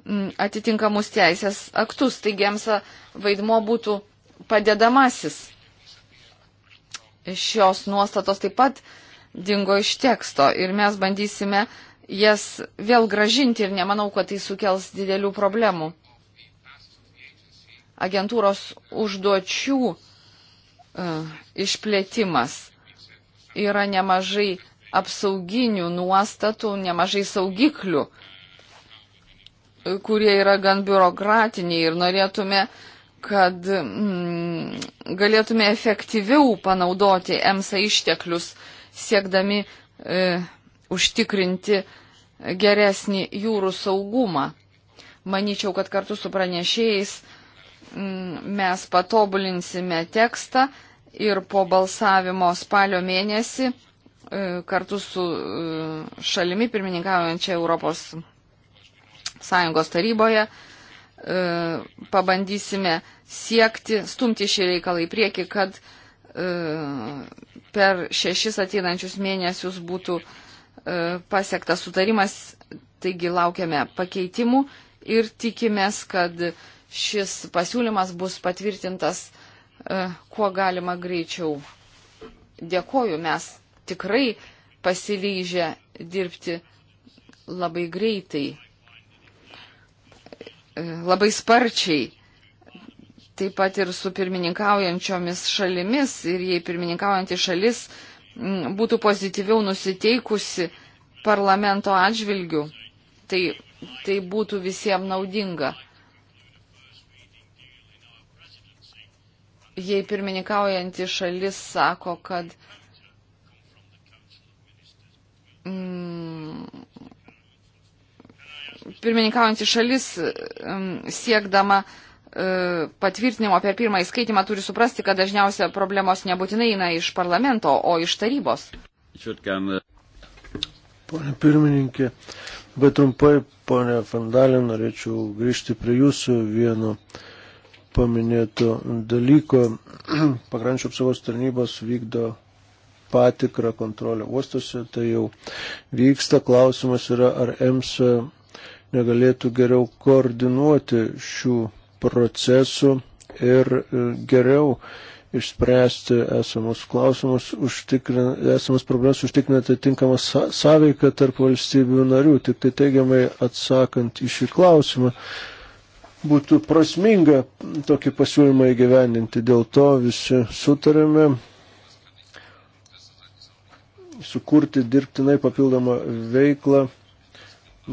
mm, atitinkamus teisės aktus. Taigi EMSA vaidmo būtų padedamasis. Šios nuostatos taip pat dingo iš teksto ir mes bandysime jas vėl gražinti ir nemanau, kad tai sukels didelių problemų agentūros užduočių e, išplėtimas. Yra nemažai apsauginių nuostatų, nemažai saugiklių, e, kurie yra gan biurokratiniai ir norėtume, kad mm, galėtume efektyviau panaudoti MSA išteklius, siekdami e, užtikrinti geresnį jūrų saugumą. Manyčiau, kad kartu su pranešėjais Mm, mes patobulinsime tekstą ir po balsavimo spalio mėnesį e, kartu su e, šalimi pirmininkaujančia Europos Sąjungos taryboje e, pabandysime siekti, stumti šį reikalą į priekį, kad per šešis ateinančius mėnesius būtų pasiektas sutarimas, taigi laukiame pakeitimų ir tikimės, kad šis pasiūlymas bus patvirtintas e, kuo galima greičiau. Dėkoju, mes tikrai pasilyžę dirbti labai greitai, e, labai sparčiai, taip pat ir su pirmininkaujančiomis šalimis ir jei pirmininkaujantį šalis būtų pozityviau nusiteikusi parlamento atžvilgių, tai, tai būtų visiems naudinga. jei pirmininkaujanti šalis sako, kad mm, pirmininkaujanti šalis mm, siekdama e, patvirtinimo per pirmąjį skaitimą turi suprasti, kad dažniausia problemos nebūtinai eina iš parlamento, o iš tarybos. Pone pirmininkė, bet trumpai, pone Fandalė, norėčiau grįžti prie jūsų vieno uh, paminėto dalyko. <clears throat> Pakrančio apsaugos tarnybos vykdo patikrą kontrolę uostose, tai jau vyksta. Klausimas yra, ar EMSA negalėtų geriau koordinuoti šių procesų ir e, geriau išspręsti esamus klausimus, užtikrin, esamas problemas užtikrinti atitinkamą sąveiką tarp valstybių narių. Tik tai teigiamai atsakant į šį klausimą, būtų prasminga tokį pasiūlymą įgyveninti. Dėl to visi sutarėme sukurti dirbtinai papildomą veiklą.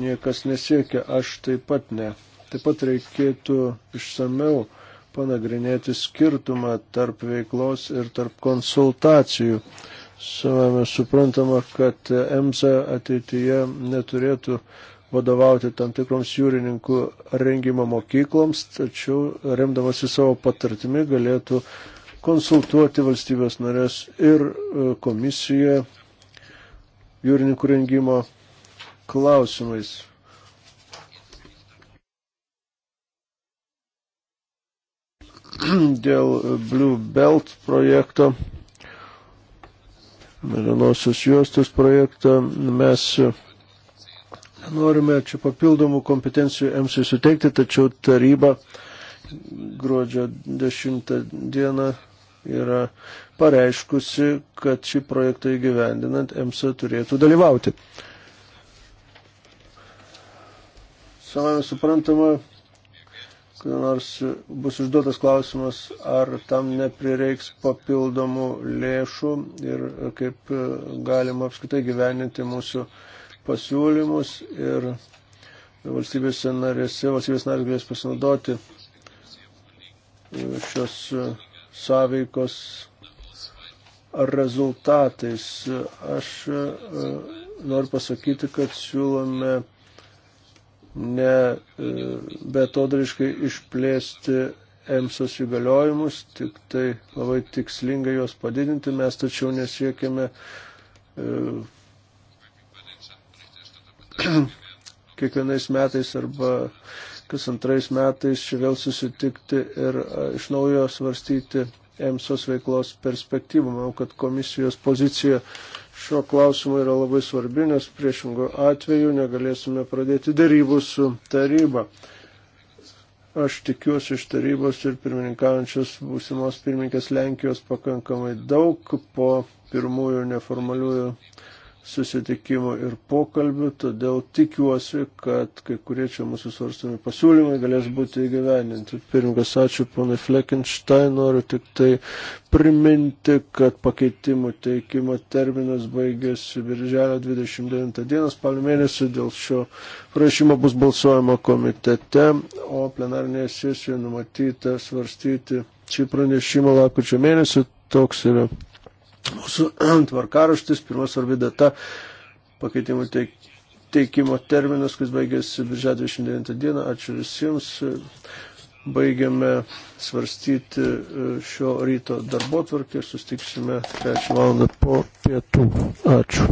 Niekas nesiekia, aš taip pat ne. Taip pat reikėtų išsameu panagrinėti skirtumą tarp veiklos ir tarp konsultacijų. Savame suprantama, kad EMSA ateityje neturėtų uh, vadovauti tam tikroms jūrininkų rengimo mokykloms, tačiau remdamasi savo patartimi galėtų konsultuoti valstybės narės ir e, komisiją jūrininkų rengimo klausimais. <clears throat> Dėl Blue Belt projekto, Melinosios juostos projekto mes Norime čia papildomų kompetencijų MC suteikti, tačiau taryba gruodžio 10 dieną yra pareiškusi, kad šį projektą įgyvendinant MC turėtų dalyvauti. Savame suprantama, kada nors bus užduotas klausimas, ar tam neprireiks papildomų lėšų ir kaip galima apskaitai gyveninti mūsų uh, pasiūlymus ir valstybės narėse, valstybės narės galės pasinaudoti e, šios e, sąveikos rezultatais. Aš e, noriu pasakyti, kad siūlome ne betodariškai išplėsti EMSOS įgaliojimus, tik tai labai tikslingai juos padidinti. Mes tačiau nesiekime <clears throat> kiekvienais metais arba kas antrais metais čia vėl susitikti ir iš naujo svarstyti EMSOS veiklos perspektyvų. Manau, kad komisijos pozicija šio klausimo yra labai svarbi, nes priešingų atveju negalėsime pradėti darybų su taryba. Aš tikiuosi iš tarybos ir pirmininkaujančios būsimos pirmininkės Lenkijos pakankamai daug po pirmųjų neformaliųjų susitikimų ir pokalbių, todėl tikiuosi, kad kai kurie čia mūsų svarstami pasiūlymai galės būti įgyveninti. Pirmingas, ačiū ponai Fleckenstein, noriu tik tai priminti, kad pakeitimų teikimo terminas baigėsi birželio 29 dieną, spalio mėnesį dėl šio prašymo bus balsuojama komitete, o plenarinėje sesijoje numatyta svarstyti šį pranešimą lakučio mėnesį. Toks yra mūsų <clears throat> tvarkaraštis, pirma svarbi data pakeitimų teik, teikimo terminas, kuris baigėsi birželio 29 dieną. Ačiū visiems. Baigiame svarstyti e, šio ryto darbo tvarkį ir sustiksime 3 valandą po pietų. Ačiū.